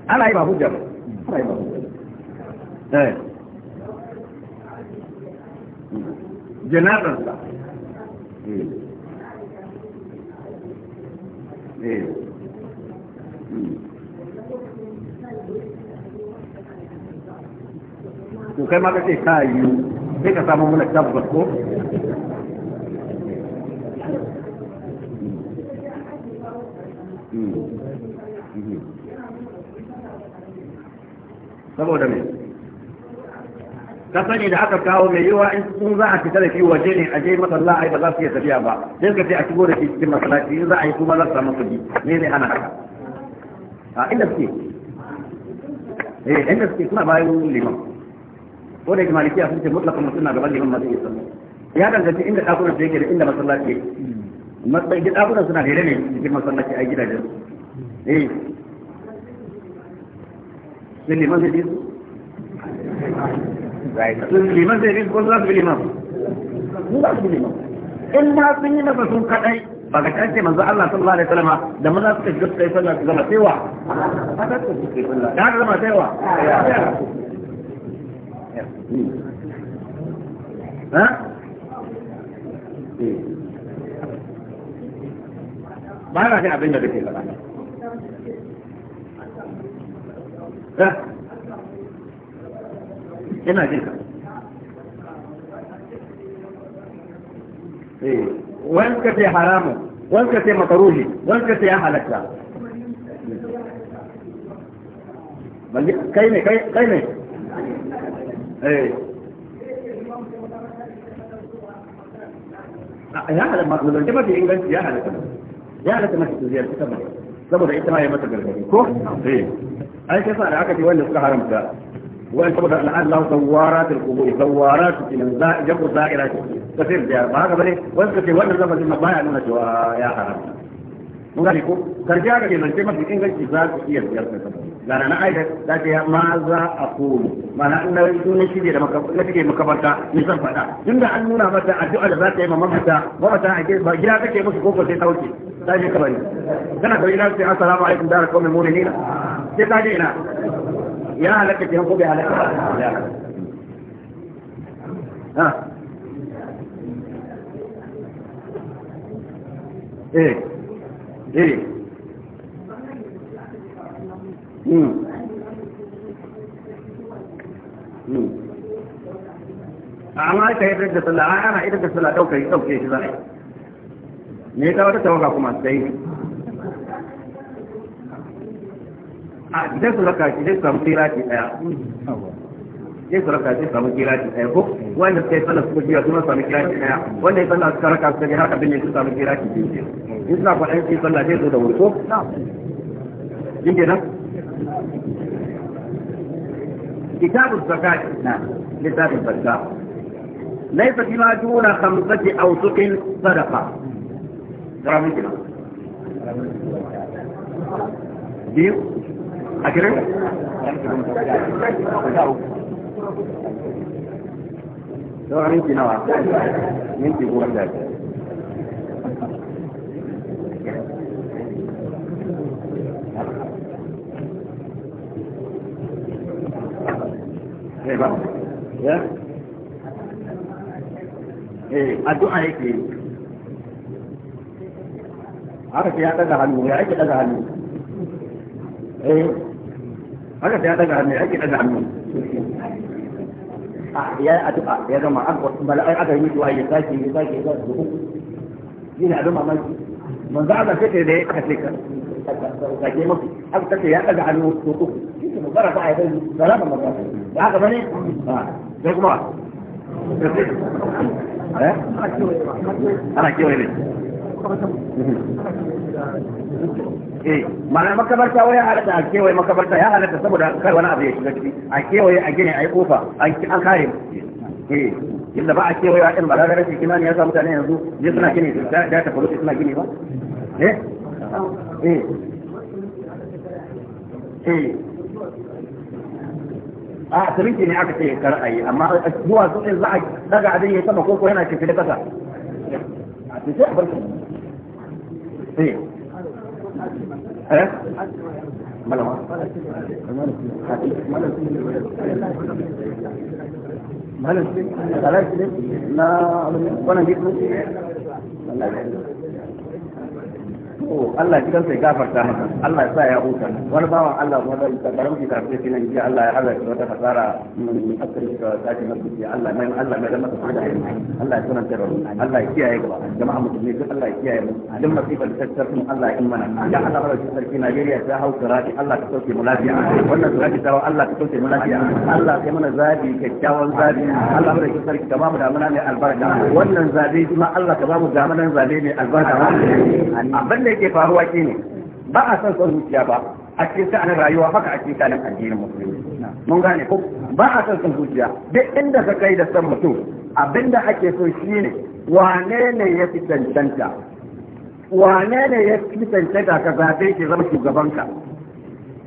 ana yi ba hujja ba ana yi ba hujja eh janazar sa eh eh hmm. to kai ma ka ce ta yi sai ka samu muna tabbas ko saboda me ka sani da aka kawo mai yiwa in sun za a fita da shi waje ne a je masalla ai ba za su iya tafiya ba sai ka ce a shigo da shi cikin masallaci in za a yi kuma za su samu kudi ne ne hana haka a inda suke eh inda suke suna bayan liman ko da malikiya sun ce mutum na gaban masu sallah ya danganci inda dakunan su yake da inda masallaci ke matsayin dakunan suna daidai ne cikin masallaci a gidajen eh sun liman zai su zai bi liman su za su bi liman in ma sun yi masa sun kadai ba ga kan ce manzo Allah sallallahu alaihi wasallam da maza suka shiga su kai sallah su zama ba ta su kai sallah ta zama ha ba na jin abin da kake faɗa ina jin ka eh, wanka ce haramun wanka ce makaruhi wanka ce ya halatta kai ne kai ne eh ah, ya halatta masu zance mafi inganci ya halatta ya halatta mafi tuziyar ta mai saboda ita ma ya mata gargadi ko eh. ai sai sa da aka ce wanda suka haramta وان تبدا الان له زوارات القبور زوارات الى جمع دائره كثير ديار ما هذا بني وان كتي وان زما ما بايع لنا يا حرام مغاليكو كرجاك من تمت في انجلترا في ديار gana na aida za ta ya ma za a kulu mana na na yanzu na shige da na shige makabarta ni fada tun da an nuna mata addu'a da za ta yi ma mamata mamata a gida ba gida take musu koko sai sauke ta yi kabari gana kabari na sai assalamu alaikum da muni mu'minina sai ta je ina ya halaka ke ko bai halaka ha eh eh Hmm. Hmm. amma ka yi da sallah an ana ita da sallah ɗauka yi ɗauke shi zai ne ta wata tawaga kuma sai a gidan su raka shi zai samu kira ce ɗaya zai su raka zai samu kira ce ɗaya ko wanda suka yi sallah suka biya suna samu kira ce ɗaya wanda ya sallah suka raka suka ji haka bin ne su samu kira ce biyu in suna kwaɗan shi sallah zai zo da wurko? Yin kenan? كتاب الزكاة نعم كتاب الزكاة ليس فيما دون خمسة أوسق صدقة رامي كده بيو أكرم رامي كده منتي بوحدة kai ba addu'a yake yi haka sai ya daga hannu ya ake daga hannu eh haka sai ya daga hannu ya ake daga hannu a ya addu'a ya gama an bala ai aka yi du'a ya sake ya sake ya yi yana abin mamaki manzo Allah sai da ya kace ka sake mafi aka kace ya daga hannu ko uku رفع يديه ثلاث مرات ده ana kewaye ne eh mana makabarta wai halatta a kewaye makabarta ya halatta saboda kai wani abu ya shiga ciki a kewaye a gine a yi kofa A kare eh inda ba a kewaye a ɗin ba da rashin kimani ya sa mutane yanzu ne suna gini da ta faru suna gini ba eh eh eh a siminti ne aka ce kar a yi zuwa su ne za a daga abin ya sama koko yana cikin kasa a ce a bar sai eh. eh malama malam sai na wannan gidan to Allah kidan sai gafarta maka Allah ya sa ya huta wani bawan Allah kuma da karam ki karfe shi nan ji Allah ya Allah wata fasara mun yi akari ka sake na kuci Allah mai Allah mai lamar ta da Allah ya sunan tarwa Allah ya kiyaye gaba jama'a musulmi duk Allah ya kiyaye mu duk masifar da ta tsarkin Allah ya imana ya Allah barka sarki Najeriya ta hau karati Allah ka sauke mu lafiya wannan zaki ta Allah ka sauke mu lafiya Allah ya mana zabi kyakkyawan zabi Allah barka sarki ka ba mu damuna mai albarka wannan zabi kuma Allah ka ba mu damunan zabi mai albarka amin da ke faruwa shi ne ba a son son zuciya ba a cikin sa'anin rayuwa haka a cikin sa'anin addinin musulmi mun gane ko ba a son son zuciya duk inda ka kai da san mutum abinda ake so shi ne wane ne ya fi cancanta wane ne ya fi cancanta ka zaɓe ke zama shugabanka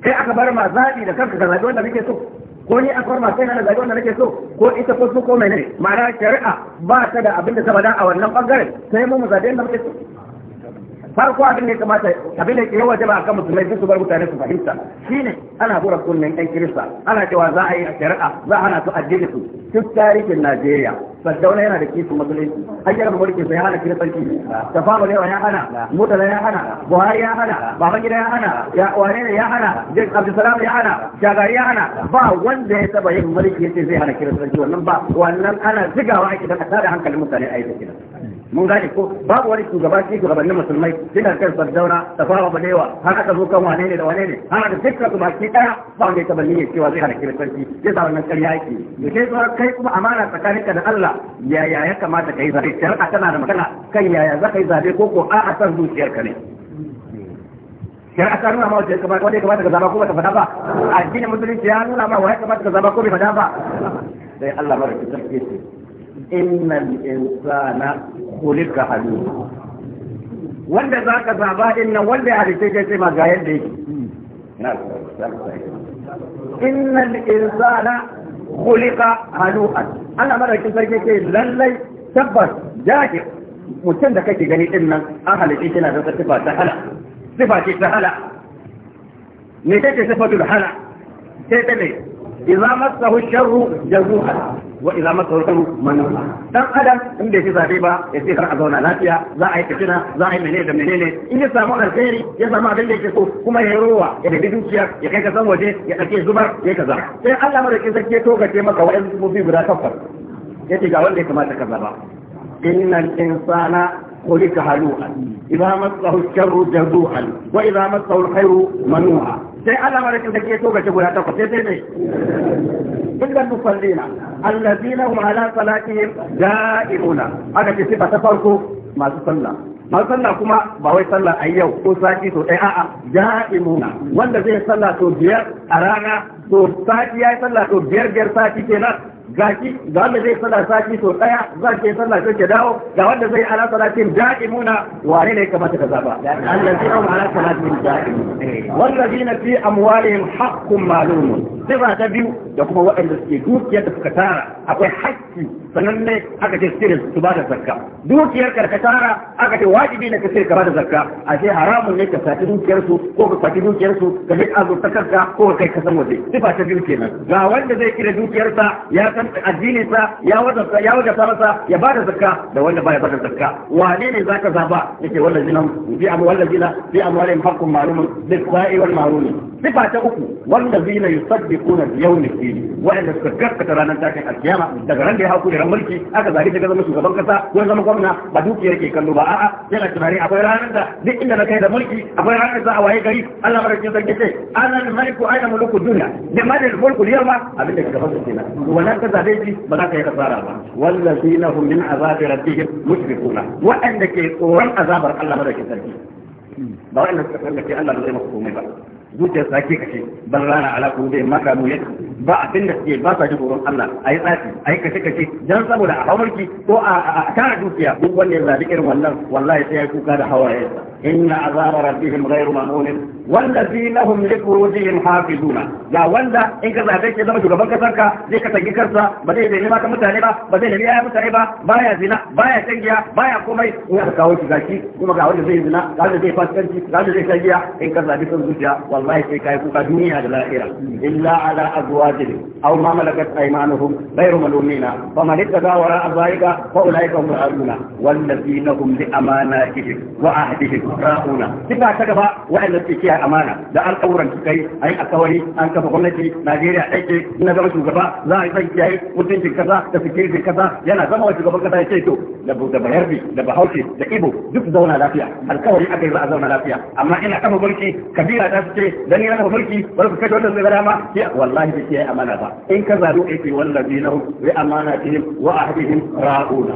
kai aka bar ma zaɓi da kanka ka zaɓi wanda kake so ko ni akwai ma kai na da wanda nake so ko ita ko su ko menene ma'ana shari'a ba ta da abinda da ta bada a wannan bangaren sai mu mu zabe da muke so farko abin da ya kamata abin da yawa jama'a kan musulmai sun su bar mutane su fahimta shine ana hura kunnen ɗan kirista ana cewa za a yi a shari'a za a hana su addini su duk tarihin Najeriya Sadauna yana da kisu musulunci hanyar mulkin sai hana kiristanci Tafawa Lewa ya hana Murtala ya hana Buhari ya hana Babangida ya hana ya wane ne ya hana Jin Abdulsalam ya hana jagari ya hana ba wanda ya taba yin mulki yace zai hana kiristanci wannan ba wannan ana zigawa a kidan da hankalin mutane a yi kidan mun gane ko babu wani shugaba shi shugabannin musulmai suna kan sardauna da fara balewa har aka zo kan wane ne da wane ne har aka dukkan su baki daya ba wanda ya taba niyyar cewa zai hana kiristanci ya sa wannan ƙarya yake da kai zuwa kai kuma amana tsakaninka da Allah yaya ya kamata ka yi zabe shari'a tana da magana kan yaya za ka yi zabe ko ko a'a san zuciyarka ne shari'a ta nuna ma wajen kamata wanda ya kamata ka zaba ko baka faɗa ba addinin musulunci ya nuna ma wace kamata ka zaba ko bai faɗa ba sai Allah mara kisan ke innal insana khuliqa halu'a wanda za ka zaba din nan wanda ya halice kai ce ma ga yadda yake innal insana khuliqa halu'a Allah madaukin sarki ce lallai tabbas jaki mutum da kake gani din nan an halice shi na da sifa ta hala sifa ce ta hala me kake sifatul hala sai ta ne idza massahu sharru jazuha wa idza masar kuru manfa dan adam in bai ci zabe ba ya ce kar a zauna lafiya za a yi fitina za a yi menene da menene in ya samu alkhairi ya samu abin da yake so kuma ya rowa ya dabi dukiya ya kai ka san waje ya ɗauke zubar ya kaza sai Allah madaukin to ya togace maka wa'in zubobi guda takwas yace ga wanda ya kamata ka zaba innal insana خلق هلوعا إذا jazu'an wa idza وإذا al الخير منوعا sai Allah marakin da ke toga guda takwas sai sai inda nufallina allazina hum ala salatihim da'imuna aka ce sifa ta farko masu sallah masu sallah kuma ba wai sallah a yau ko sati to ɗaya a'a da'imuna wanda zai sallah to biyar a rana to sati ya sallah to biyar biyar sati kenan gaki ga wanda zai sallah sati to daya za ke sallah sai ke dawo ga wanda zai ala salatin da'imuna wane ne kamata ka zaba allazi hum ala salatin da'imun wallazina fi amwalihim haqqun ma'lum sai ta biyu da kuma waɗanda suke dukiyar da suka tara akwai hakki sanan ne aka ce sirrin su ba da zakka dukiyar karka tara aka ce wajibi ne ka sai ka ba da zakka a ce haramun ne ka sati dukiyar su ko ka sati dukiyar su ka bi azurta kanka ko kai kasan waje sifa ta biyu kenan ga wanda zai kira dukiyarsa ya addini sa ya wajabta ya wajabta masa ya bada zakka da wanda baya bada zakka wane ne zaka zaba yake wallahi nan bi amma wallahi la bi amma walaihim haqqun ma'lum bil sa'i wal ma'lum sifa ta uku wallahi la yusaddiquna bi yawm al-din wa'anda suka gaskata ranar takin alkiyama daga ran da ya hauku da ran mulki aka zage daga zama shugaban kasa ko zama gwamna ba dukiyar ke kallo ba a'a yana tunani akwai ranar da duk inda na kai da mulki akwai ranar da a waye gari Allah madaukakin sarki ce ana al-maliku ana muluku dunya da madal mulku yawma abinda ke gaban kenan wannan same shi ba za ka yi kasara ba wallazina hum min azabi rabbihim mushrikuna wa'anda ke tsoron azabar Allah madaukakin sarki ba wa'anda suka san Allah ba zai masu komai ba zuciyar sake kace ban rana ala qulubi maka mu yadda ba abin da suke ba sa ji tsoron Allah ayi tsafi ayi kace kace dan saboda a hawarki ko a tara zuciya. duk wanda ya zabi irin wannan wallahi sai ya kuka da hawaye inna azara rabbihim ghayru mamun wallazi lahum liqurujihim hafizuna ga wanda in ka zabe ke zama shugaban kasar ka zai ka tangi karsa ba zai nemi mata mutane ba ba zai nemi yaya mutane ba baya zina baya tangiya baya komai ya ka kawo shi gashi kuma ga wanda zai zina ga wanda zai fasikanci ga wanda zai tangiya in ka zabi son zuciya والله كيف تبني هذا الآخرة إلا على أزواجهم أو ما ملكت أيمانهم غير ملومين فمن اتدى وراء ذلك فأولئك هم العدون والذين هم لأماناتهم وعهدهم راؤون سبع تكفى وإن التي فيها أمانة دعا الأورا كي أي أكواني أن تفقنا في نازيريا إن دمشو كفى لا يفاي كي أي في كذا تفكير في كذا ينا زمو في كذا يشيتو دبو دبو هربي دبو حوشي دكيبو جب دونا لافيا الكواني أكي رأى دونا لافيا أما إن أكواني كبيرة تفكير dan ni ana mulki bar ku kashe wannan zai dama ya wallahi bai ki amana ba in ka zaru ai wallahi na bi amanatihim wa ahdihim ra'una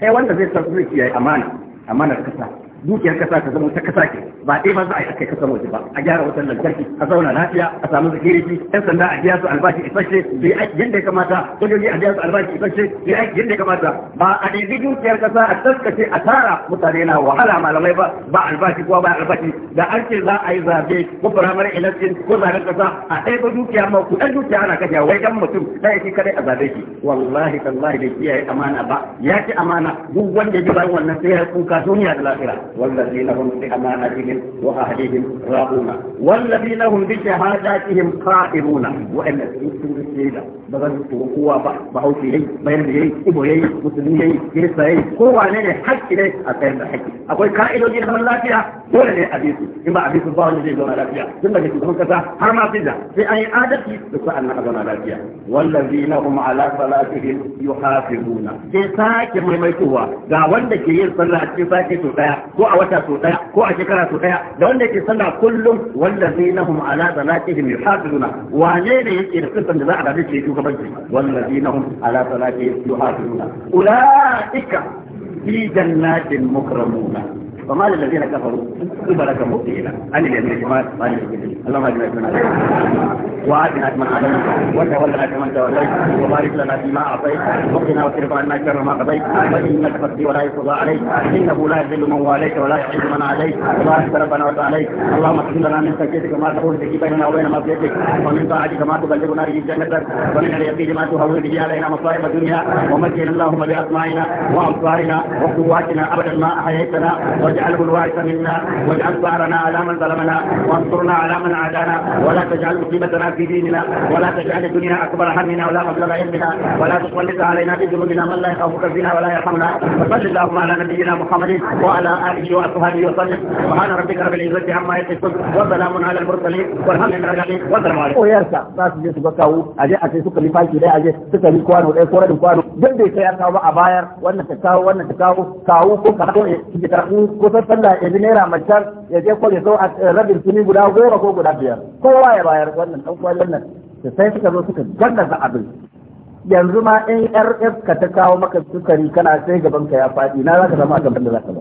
sai wanda zai san zai kiyaye amana amanar kasa dukiyar kasa ka zama ta kasa ke ba dai ba za a yi kai kasa waje ba a gyara wutar lantarki a zauna lafiya a samu security yan sanda a biya su albashi isasshe bai aiki yadda ya kamata sojoji a biya su albashi isasshe bai aiki yadda ya kamata ba a daidai dukiyar kasa a taskace a tara mutane na wahala malamai ba ba albashi kuwa ba albashi da an ce za a yi zabe ko firamare election ko zaben kasa a ɗaya ba dukiya ma ku ɗan dukiya ana kashe wai ɗan mutum ɗaya yake kadai a zabe shi wallahi tallahi da kiyaye amana ba ya ci amana duk wanda ya ji bayan wannan sai ya kuka duniya da lafiya والذين هم بأمانتهم وأهلهم راؤون والذين هم بشهاداتهم قائمون وإن يسلم السيدة بدل قوة بحوثي بين بيهي إبوهي مسلمي كريسي قوة لنا حق إليه أكيد الحق أقول قائد وجه من الله فيها قول لي أبيسي إما أبيس الظاهر وجه من الله فيها ثم جيد من كذا هرما فيها في أي آدة آدتي بسأل نحن الله فيها والذين هم على صلاتهم يحافظون جيساك ساكي مهمتها دعوان وندك صلاة جيساك تتاك ko a wata so daya ko a shekara so daya da wanda yake sallah kullum wallazina nahum ala salatihim yuhafizuna wane ne yake da sifan da za a dace shi shugabanci wallazina nahum ala salatihim yuhafizuna ulaika fi jannatin mukramuna فما للذين كفروا كبرك مبتئنا عن اليمين الشمال عن اليمين اللهم اجمع من وآتنا من عدمت وتولنا كمن توليت وبارك لنا فيما أعطيت وقنا واصرف عنا شر ما قضيت فإنك تقضي ولا يقضى عليك إنه لا يذل من واليت ولا يعز من عليك وبارك ربنا وتعاليك اللهم اغفر لنا من سكتك ما تقول به بيننا وبين مصيرتك ومن طاعتك ما تبلغنا به جنتك ومن اليقين ما تهون به علينا مصائب الدنيا ومجينا اللهم بأسمائنا وأبصارنا وقواتنا أبدا ما أحييتنا واجعله الوارث منا واجعل ظهرنا على من ظلمنا وانصرنا على من عادانا ولا تجعل مصيبتنا في ديننا ولا تجعل الدنيا اكبر همنا ولا مبلغ علمنا ولا تسلط علينا في ذنوبنا من لا يخافك فينا ولا يرحمنا وصل اللهم على نبينا محمد وعلى اله واصحابه وسلم سبحان ربك رب العزه عما يصفون وسلام على المرسلين والحمد لله رب العالمين والسلام عليكم. ويرسى ناس يجي suka kawo aje a kai suka lifaki dai aje suka yi kwano ɗaya ko kwano duk bai ya kawo ba a bayar wannan ta kawo wannan ta kawo kawo ko ka kawo ne ko wutar sallah ya ji naira macar ya je ya sau a rabin suni guda goma ko guda biyar kowa ya bayar wannan dan kwallon nan da sai suka zo suka gallaza abin yanzu ma in rf ka ta kawo maka sukari kana sai gaban ka ya faɗi na zaka zama a gaban da zaka ba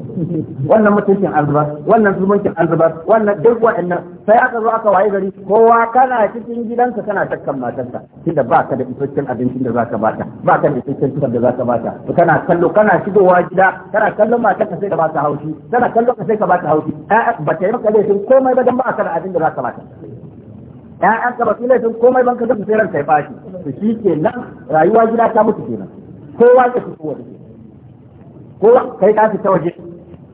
wannan mutuncin an zuba wannan zumuncin an zuba wannan duk wa'annan sai aka zo aka waye gari kowa kana cikin gidanka kana takkan matarka tunda ba ka da isasshen abincin da zaka bata ba ka da isasshen tukar da zaka bata kana kallo kana shigowa gida kana kallon matarka sai ka bata haushi kana kallo ka sai ka bata haushi a'a ba ta yi maka laifin komai ba dan ba ka da abin da zaka bata Ya'yan ka ba su laifin komai ban ka su sai ranka ya bashi to shi ke nan rayuwa gida ta mutu kenan kowa ya fito waje kowa kai ka fita waje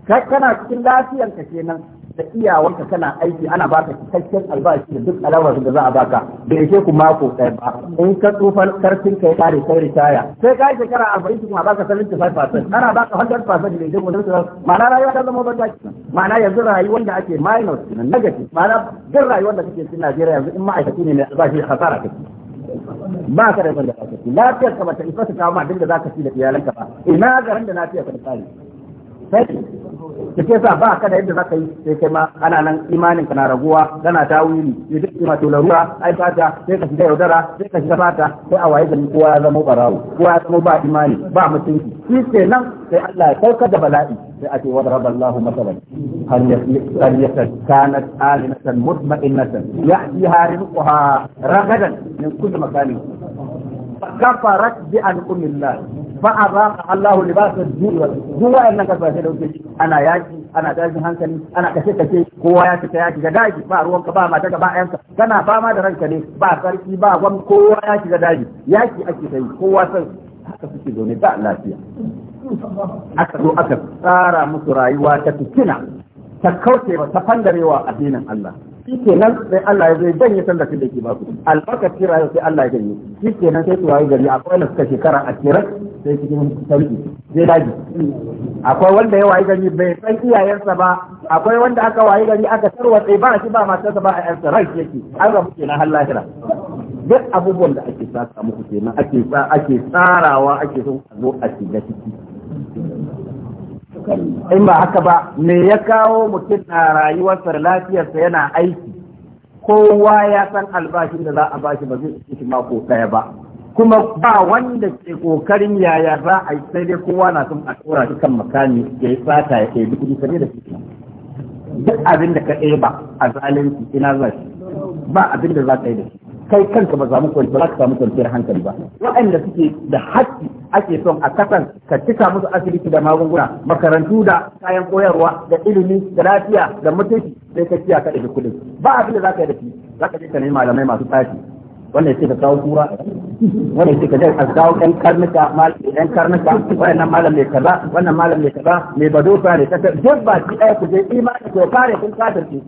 kai kana cikin lafiyar ka nan. da iyawarka kana aiki ana baka cikakken albashi da duk alamar da za a baka da yake ku mako ɗaya ba in ka tsufa karfin ka ya kare sai ritaya sai ka yi shekara arba'in kuma baka sanin ta five percent ana baka hundred percent da yake wani ma'ana rayuwa ta zama banza ma'ana yanzu rayuwar da ake minus negative ma'ana duk rayuwar da kake cikin Najeriya yanzu in ma'aikaci ne mai albashi hasara kake ba ka da wanda ka lafiyar ka ta isa ta kawo ma duk da zaka ci da iyalanka ba ina garin da lafiyar ka ta kare sai da ke sa ba ka da yadda zaka yi sai kai ma ana nan imanin na raguwa kana tawili ya duk ma to laruwa ai fata sai ka shiga yaudara sai ka shiga fata sai a waye gari kowa ya zama barawo kowa ya zama ba imani ba mutunci shi ke nan sai Allah ya saukar da bala'i sai a ce wa Allahu masalan hal yasal kanat alinatan mutma'innatan ya'tiha rizquha ragadan min kulli makanin kafarat bi an umillah fa ba Allahu libas al-jur wal duk wayannan kasashe da wuce ana yaki ana tashin hankali ana kace kace kowa ya fita yaki ga daji ba ruwan ka ba mata ka ba ayanka kana fama da ranka ne ba sarki ba gwam kowa ya shiga daji yaki ake sai kowa sai haka suke zaune ba lafiya aka zo aka tsara musu rayuwa ta fitina ta kauce ta addinin Allah shi kenan sai Allah ya zai janye san da ke ba su albarkacin sai Allah ya janye shi kenan sai su wayi gari akwai wanda suka shekara a kiran sai cikin sarki zai daji akwai wanda ya wayi gari bai san iyayensa ba akwai wanda aka wayi gari aka tarwatse ba shi ba matarsa ba a yansa rai yake an rabu kenan har lahira duk abubuwan da ake saka muku kenan ake tsarawa ake so a zo a shiga ciki in ba haka ba me ya kawo mutum a rayuwarsa da lafiyarsa yana aiki kowa ya san albashin da za a bashi ba zai shi mako ɗaya ba kuma ba wanda ke kokarin yaya za a yi sai dai kowa na son a tsora shi kan makami ya yi sata ya ɗebi kuɗi sai da shi duk abin da ka ba a zalunci ina za shi ba abin da za ka yi da shi kai kanka ba samu kwanci ba ka samu kwanciyar hankali ba waɗanda suke da haƙƙi ake son a kasan ka cika musu asibiti da magunguna makarantu da kayan koyarwa da ilimi da lafiya da mutunci sai ka kiyaye ka kuɗin ba abin da za ka yi da shi za ka je ka nemi malamai masu tsafi wannan ya ce ka kawo kura wannan ya ce ka je ka kawo ɗan karnuka ɗan karnuka wannan malam mai kaza wannan malam mai kaza mai badosa ne ka duk ba ki ɗaya ku je imani ko fare kun kafirce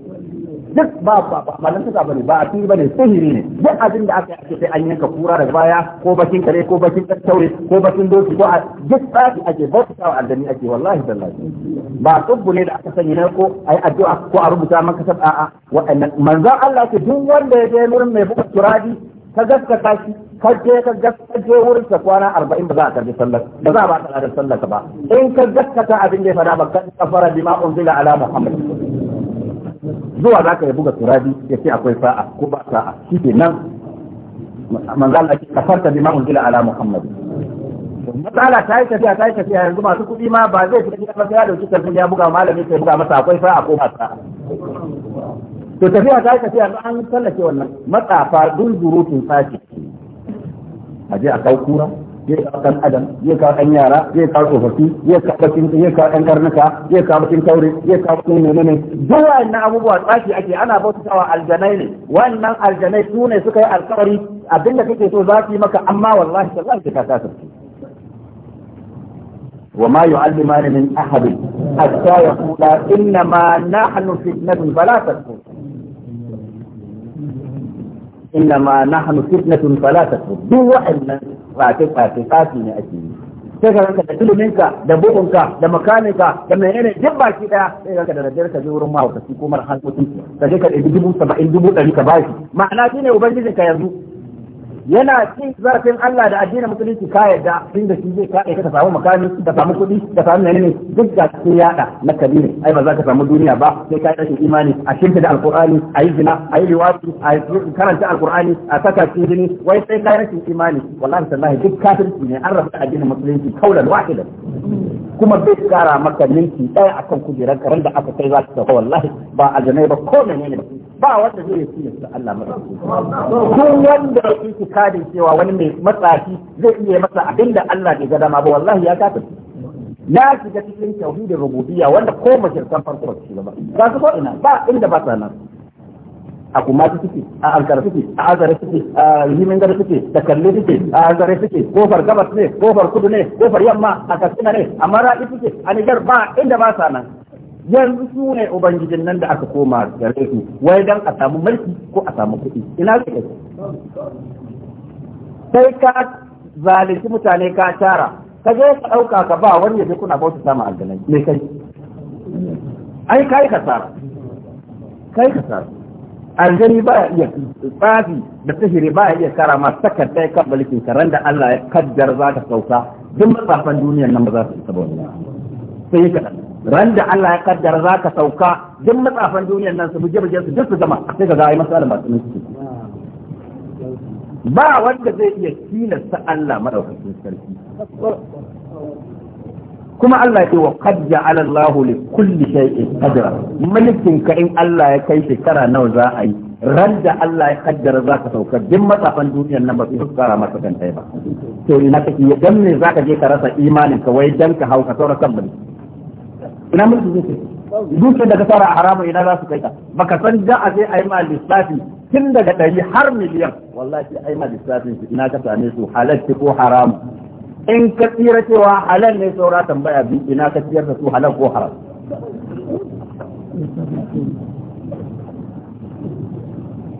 duk ba ba ba malantaka bane ba a ba bane sihiri ne duk abin da aka yi sai an yanka kura daga baya ko bakin kare ko bakin tattaure ko bakin doki ko a duk tsari ake bauta wa addani ake wallahi tallahi ba tubbu ne da aka sanya na ko a yi addu'a ko a rubuta maka sab a'a wa'annan manzon Allah ce duk wanda ya je wurin mai buga turadi ka gaskata shi ka je ka gaskace wurin sa kwana arba'in ba za a karbi sallar ba za a ba ta da sallar ba in ka gaskata abin da ya fara ba ka kafara bima unzila ala muhammad zuwa za ka yi buga turabi ya ce akwai sa'a ko ba sa'a shi ke nan manzala ke kafarta bi ma'unzila ala muhammadu matsala ta yi tafiya ta yi tafiya yanzu masu kuɗi ma ba zai fita gidan masu ya dauki sun ya buga malami sai buga masa akwai sa'a ko ba sa'a to tafiya ta yi tafiya ba an tallace wannan matsafa dun zurutun sashi a je a kau kura zai kawo ɗan adam zai kawo ɗan yara zai kawo tsofaffi zai kawo bakin zai kawo ɗan karnuka zai kawo bakin taure zai kawo bakin menene duk wannan abubuwa tsafi ake ana bautawa aljanai ne wannan aljanai su ne suka yi alkawari abinda kake so za su yi maka amma wallahi wallahi ka kasa وما يعلمان من أحد حتى يقولا إنما نحن فتنة فلا تكفر إنما نحن فتنة فلا تكفر دو وحنا fati fati ne ake yi sai ka ranka da tuluminka da bukunka da makaninka da menene duk baki ɗaya. sai ranka da daddare ka je wurin mahaukaci ko mara hankoci ka je ka ɗebi dubu saba'in dubu ɗari ka bashi ma'ana shi ne ubangijinka yanzu yana cin zarafin Allah da addinin musulunci ka yadda tun da shi zai kare ka samu makami ka samu kuɗi da samu menene duk da sun yada na kabiri ai ba za ka samu duniya ba sai ka rashin imani a shirka da alkur'ani a yi zina a yi liwati a karanta alkur'ani a saka cikin jini wai sai ka rashin imani wallahi sallahi duk kafirci ne an rabu addinin musulunci kaulan wahida kuma bai kara maka minti ɗaya akan kujerar karen da aka kai za ka wallahi ba aljanai ba ko menene ba ba wanda zai yi su Allah madaukakin kun wanda ya yi kadin cewa wani mai matsafi zai iya masa abinda Allah bai ga dama ba wallahi ya kafa na shiga cikin da rububiyya wanda ko mashirkan farko ba su shiga ba za su ko ina ba inda ba sa nan a kuma su suke a alkara suke a azare suke a yimin gari suke da kalli suke a azare suke kofar gabas ne kofar kudu ne kofar yamma a kasina ne a maraɗi suke a nijar ba inda ba sa nan yanzu su ne ubangijin nan da aka koma gare su wai dan a samu mulki ko a samu kuɗi ina zai sai ka zalunci mutane ka tara ka je ka ɗauka ka ba wani yaje kuna bauta sama aljanai me kai ai kai ka tsara kai ka tsara aljani ba iya tsafi da sihiri ba iya kara ma sakar ɗaya kan mulkin ka da Allah ya kaddar za ka sauka duk matsafan duniyar nan ba za su isa ba wannan sai ka ran da Allah ya kaddara za ka sauka duk matsafan duniyar nan su buje buje su duk su gama sai ka ga ai masalan masu nufi ba wanda zai iya tilasta Allah madaukakin sarki kuma Allah ya ce wa qad ja'ala Allahu li kulli shay'in qadra malikin ka in Allah ya kai shekara nawa za a yi ran da Allah ya kaddara za ka sauka duk matsafan duniyar nan ba su kara masa kan ba to ina kake dan ne za ka je ka rasa imanin ka wai dan ka hauka kan mulki ina mulki zai kai dukiyar da ka tara a haramun ina za su kai ka baka san da a sai a yi ma lissafi tun daga ɗari har miliyan wallahi a yi ma lissafin su ina ka same su halatti ko haramu in ka tsira cewa halal ne saura tambaya bi ina ka tsira da su halar ko haram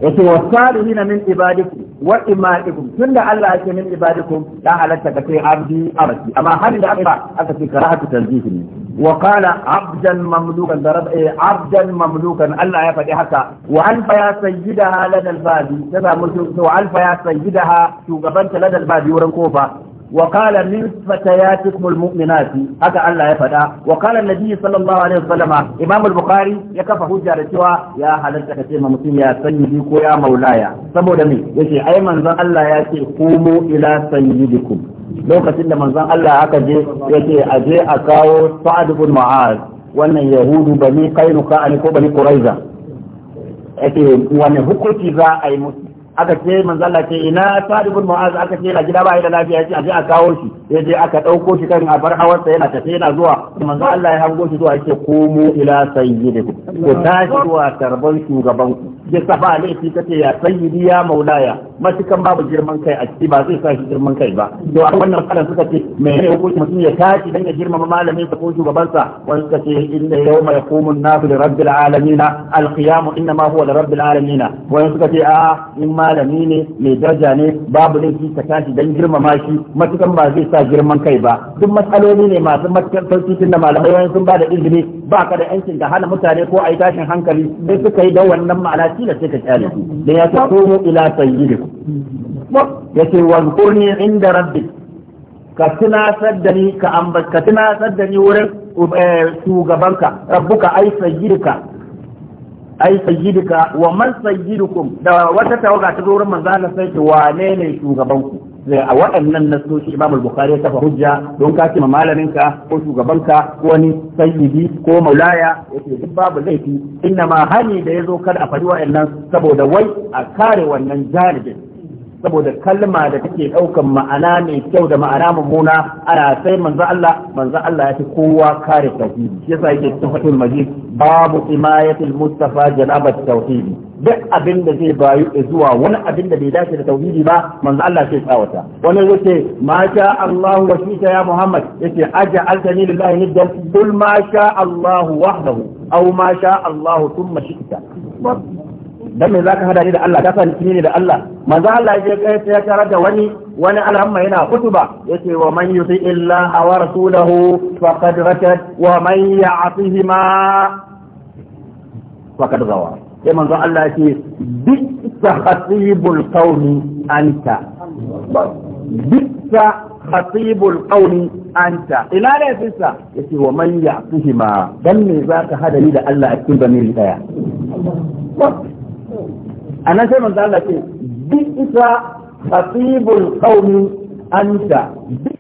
yake wa min ibadiku wa ima'ikum tunda Allah yake min ibadikum ya halatta ka kai abdi abdi amma har da aka aka ce karahatu tanzihi ne wa qala abdan mamlukan darab eh, abdan mamlukan Allah ya faɗi haka wa alfa ya sayyidaha ladal badi ta samu to alfa ya sayyidaha shugabanta ladal badi wurin kofa وقال من فتياتكم المؤمنات allah ya يفدا wakalar النبي صلى الله عليه وسلم امام البخاري ya kafa hujja da cewa ya halarta ka ce ma mutum ya sanyi ko ya maulaya saboda me yace ai manzon Allah ya ce kumu ila sayyidikum lokacin da manzon Allah aka je yace a je a kawo Sa'ad ibn Mu'az wannan yahudu bani qainuka ne ko bani quraiza yace wani hukunci za a musu aka ce Allah ce ina sadibul mu'az aka ce yana. gida ba da lafiya yace aje a kawo shi dai aka dauko shi kan abar sa yana tafe yana zuwa manzo Allah ya hango shi zuwa yake komo ila sayyidiku Ku tashi zuwa tarban shugaban ku ya safa alaihi kace ya sayyidi ya maulaya matukan babu girman kai a ciki ba zai sa shi girman kai ba to a wannan fadan suka ce me ne hukunci mutum ya tashi dan ya girmama malamin ko shugaban sa wani suka ce inna yawma yaqumu an-nasu li rabbil alamin al-qiyam inna ma huwa li rabbil alamin wani suka ce a in malami ne mai daraja ne babu laifi ka tashi dan girmama shi matukan ba zai sa girman kai ba duk matsaloli ne masu matukan sauki tun da malamai wani sun ba da izini ba ka da yancin ka hana mutane ko a yi tashin hankali sai suka yi da wannan ma'ana tilas sai ka kyale dan ya ta komo ila sayyidikum yace wazkurni inda rabbi ka tunasar da ni ka ka tunasar da ni wurin eh, shugabanka rabbuka ai sayyidika ai sayyidika wa man sayyidukum da wata tawaga ta wurin manzo Allah sai ce wane ne shugabanku a waɗannan nasoshi Imam al-Bukhari ya kafa hujja don ka ce malamin ka ko shugabanka ko wani sayyidi ko maulaya yake duk babu laifi inna ma hani da yazo kada a fari waɗannan saboda wai a kare wannan janibin saboda kalma da take ɗaukan ma'ana mai kyau da ma'ana mummuna ana sai manzo Allah manzo Allah ya fi kowa kare tauhidi yasa yake cikin fatul majid babu himayatul mustafa janabat tauhidi duk abin da zai bayu zuwa wani abin da bai dace da tauhidi ba manzo Allah sai tsawata wani yace ma sha Allah wa shita ya Muhammad yace aj'altani lillahi niddan kul ma sha Allah wahdahu aw ma sha Allah thumma shita dan me zaka hada ni da Allah ka san ni ne da Allah manzo Allah ya kai sai ya tarar da wani wani alhamma yana kutuba yace wa man yuti illaha wa rasulahu faqad ratad wa man ya'tihima faqad zawa sai manzo Allah yace bi sahatibul qawmi anta bi khatibul qawli anta ina ne fissa yace wa man ya'tihima dan me zaka hada ni da Allah a cikin bamiri daya a nan sai manzo Allah ce bi isa khatibul qaumi anta anusa.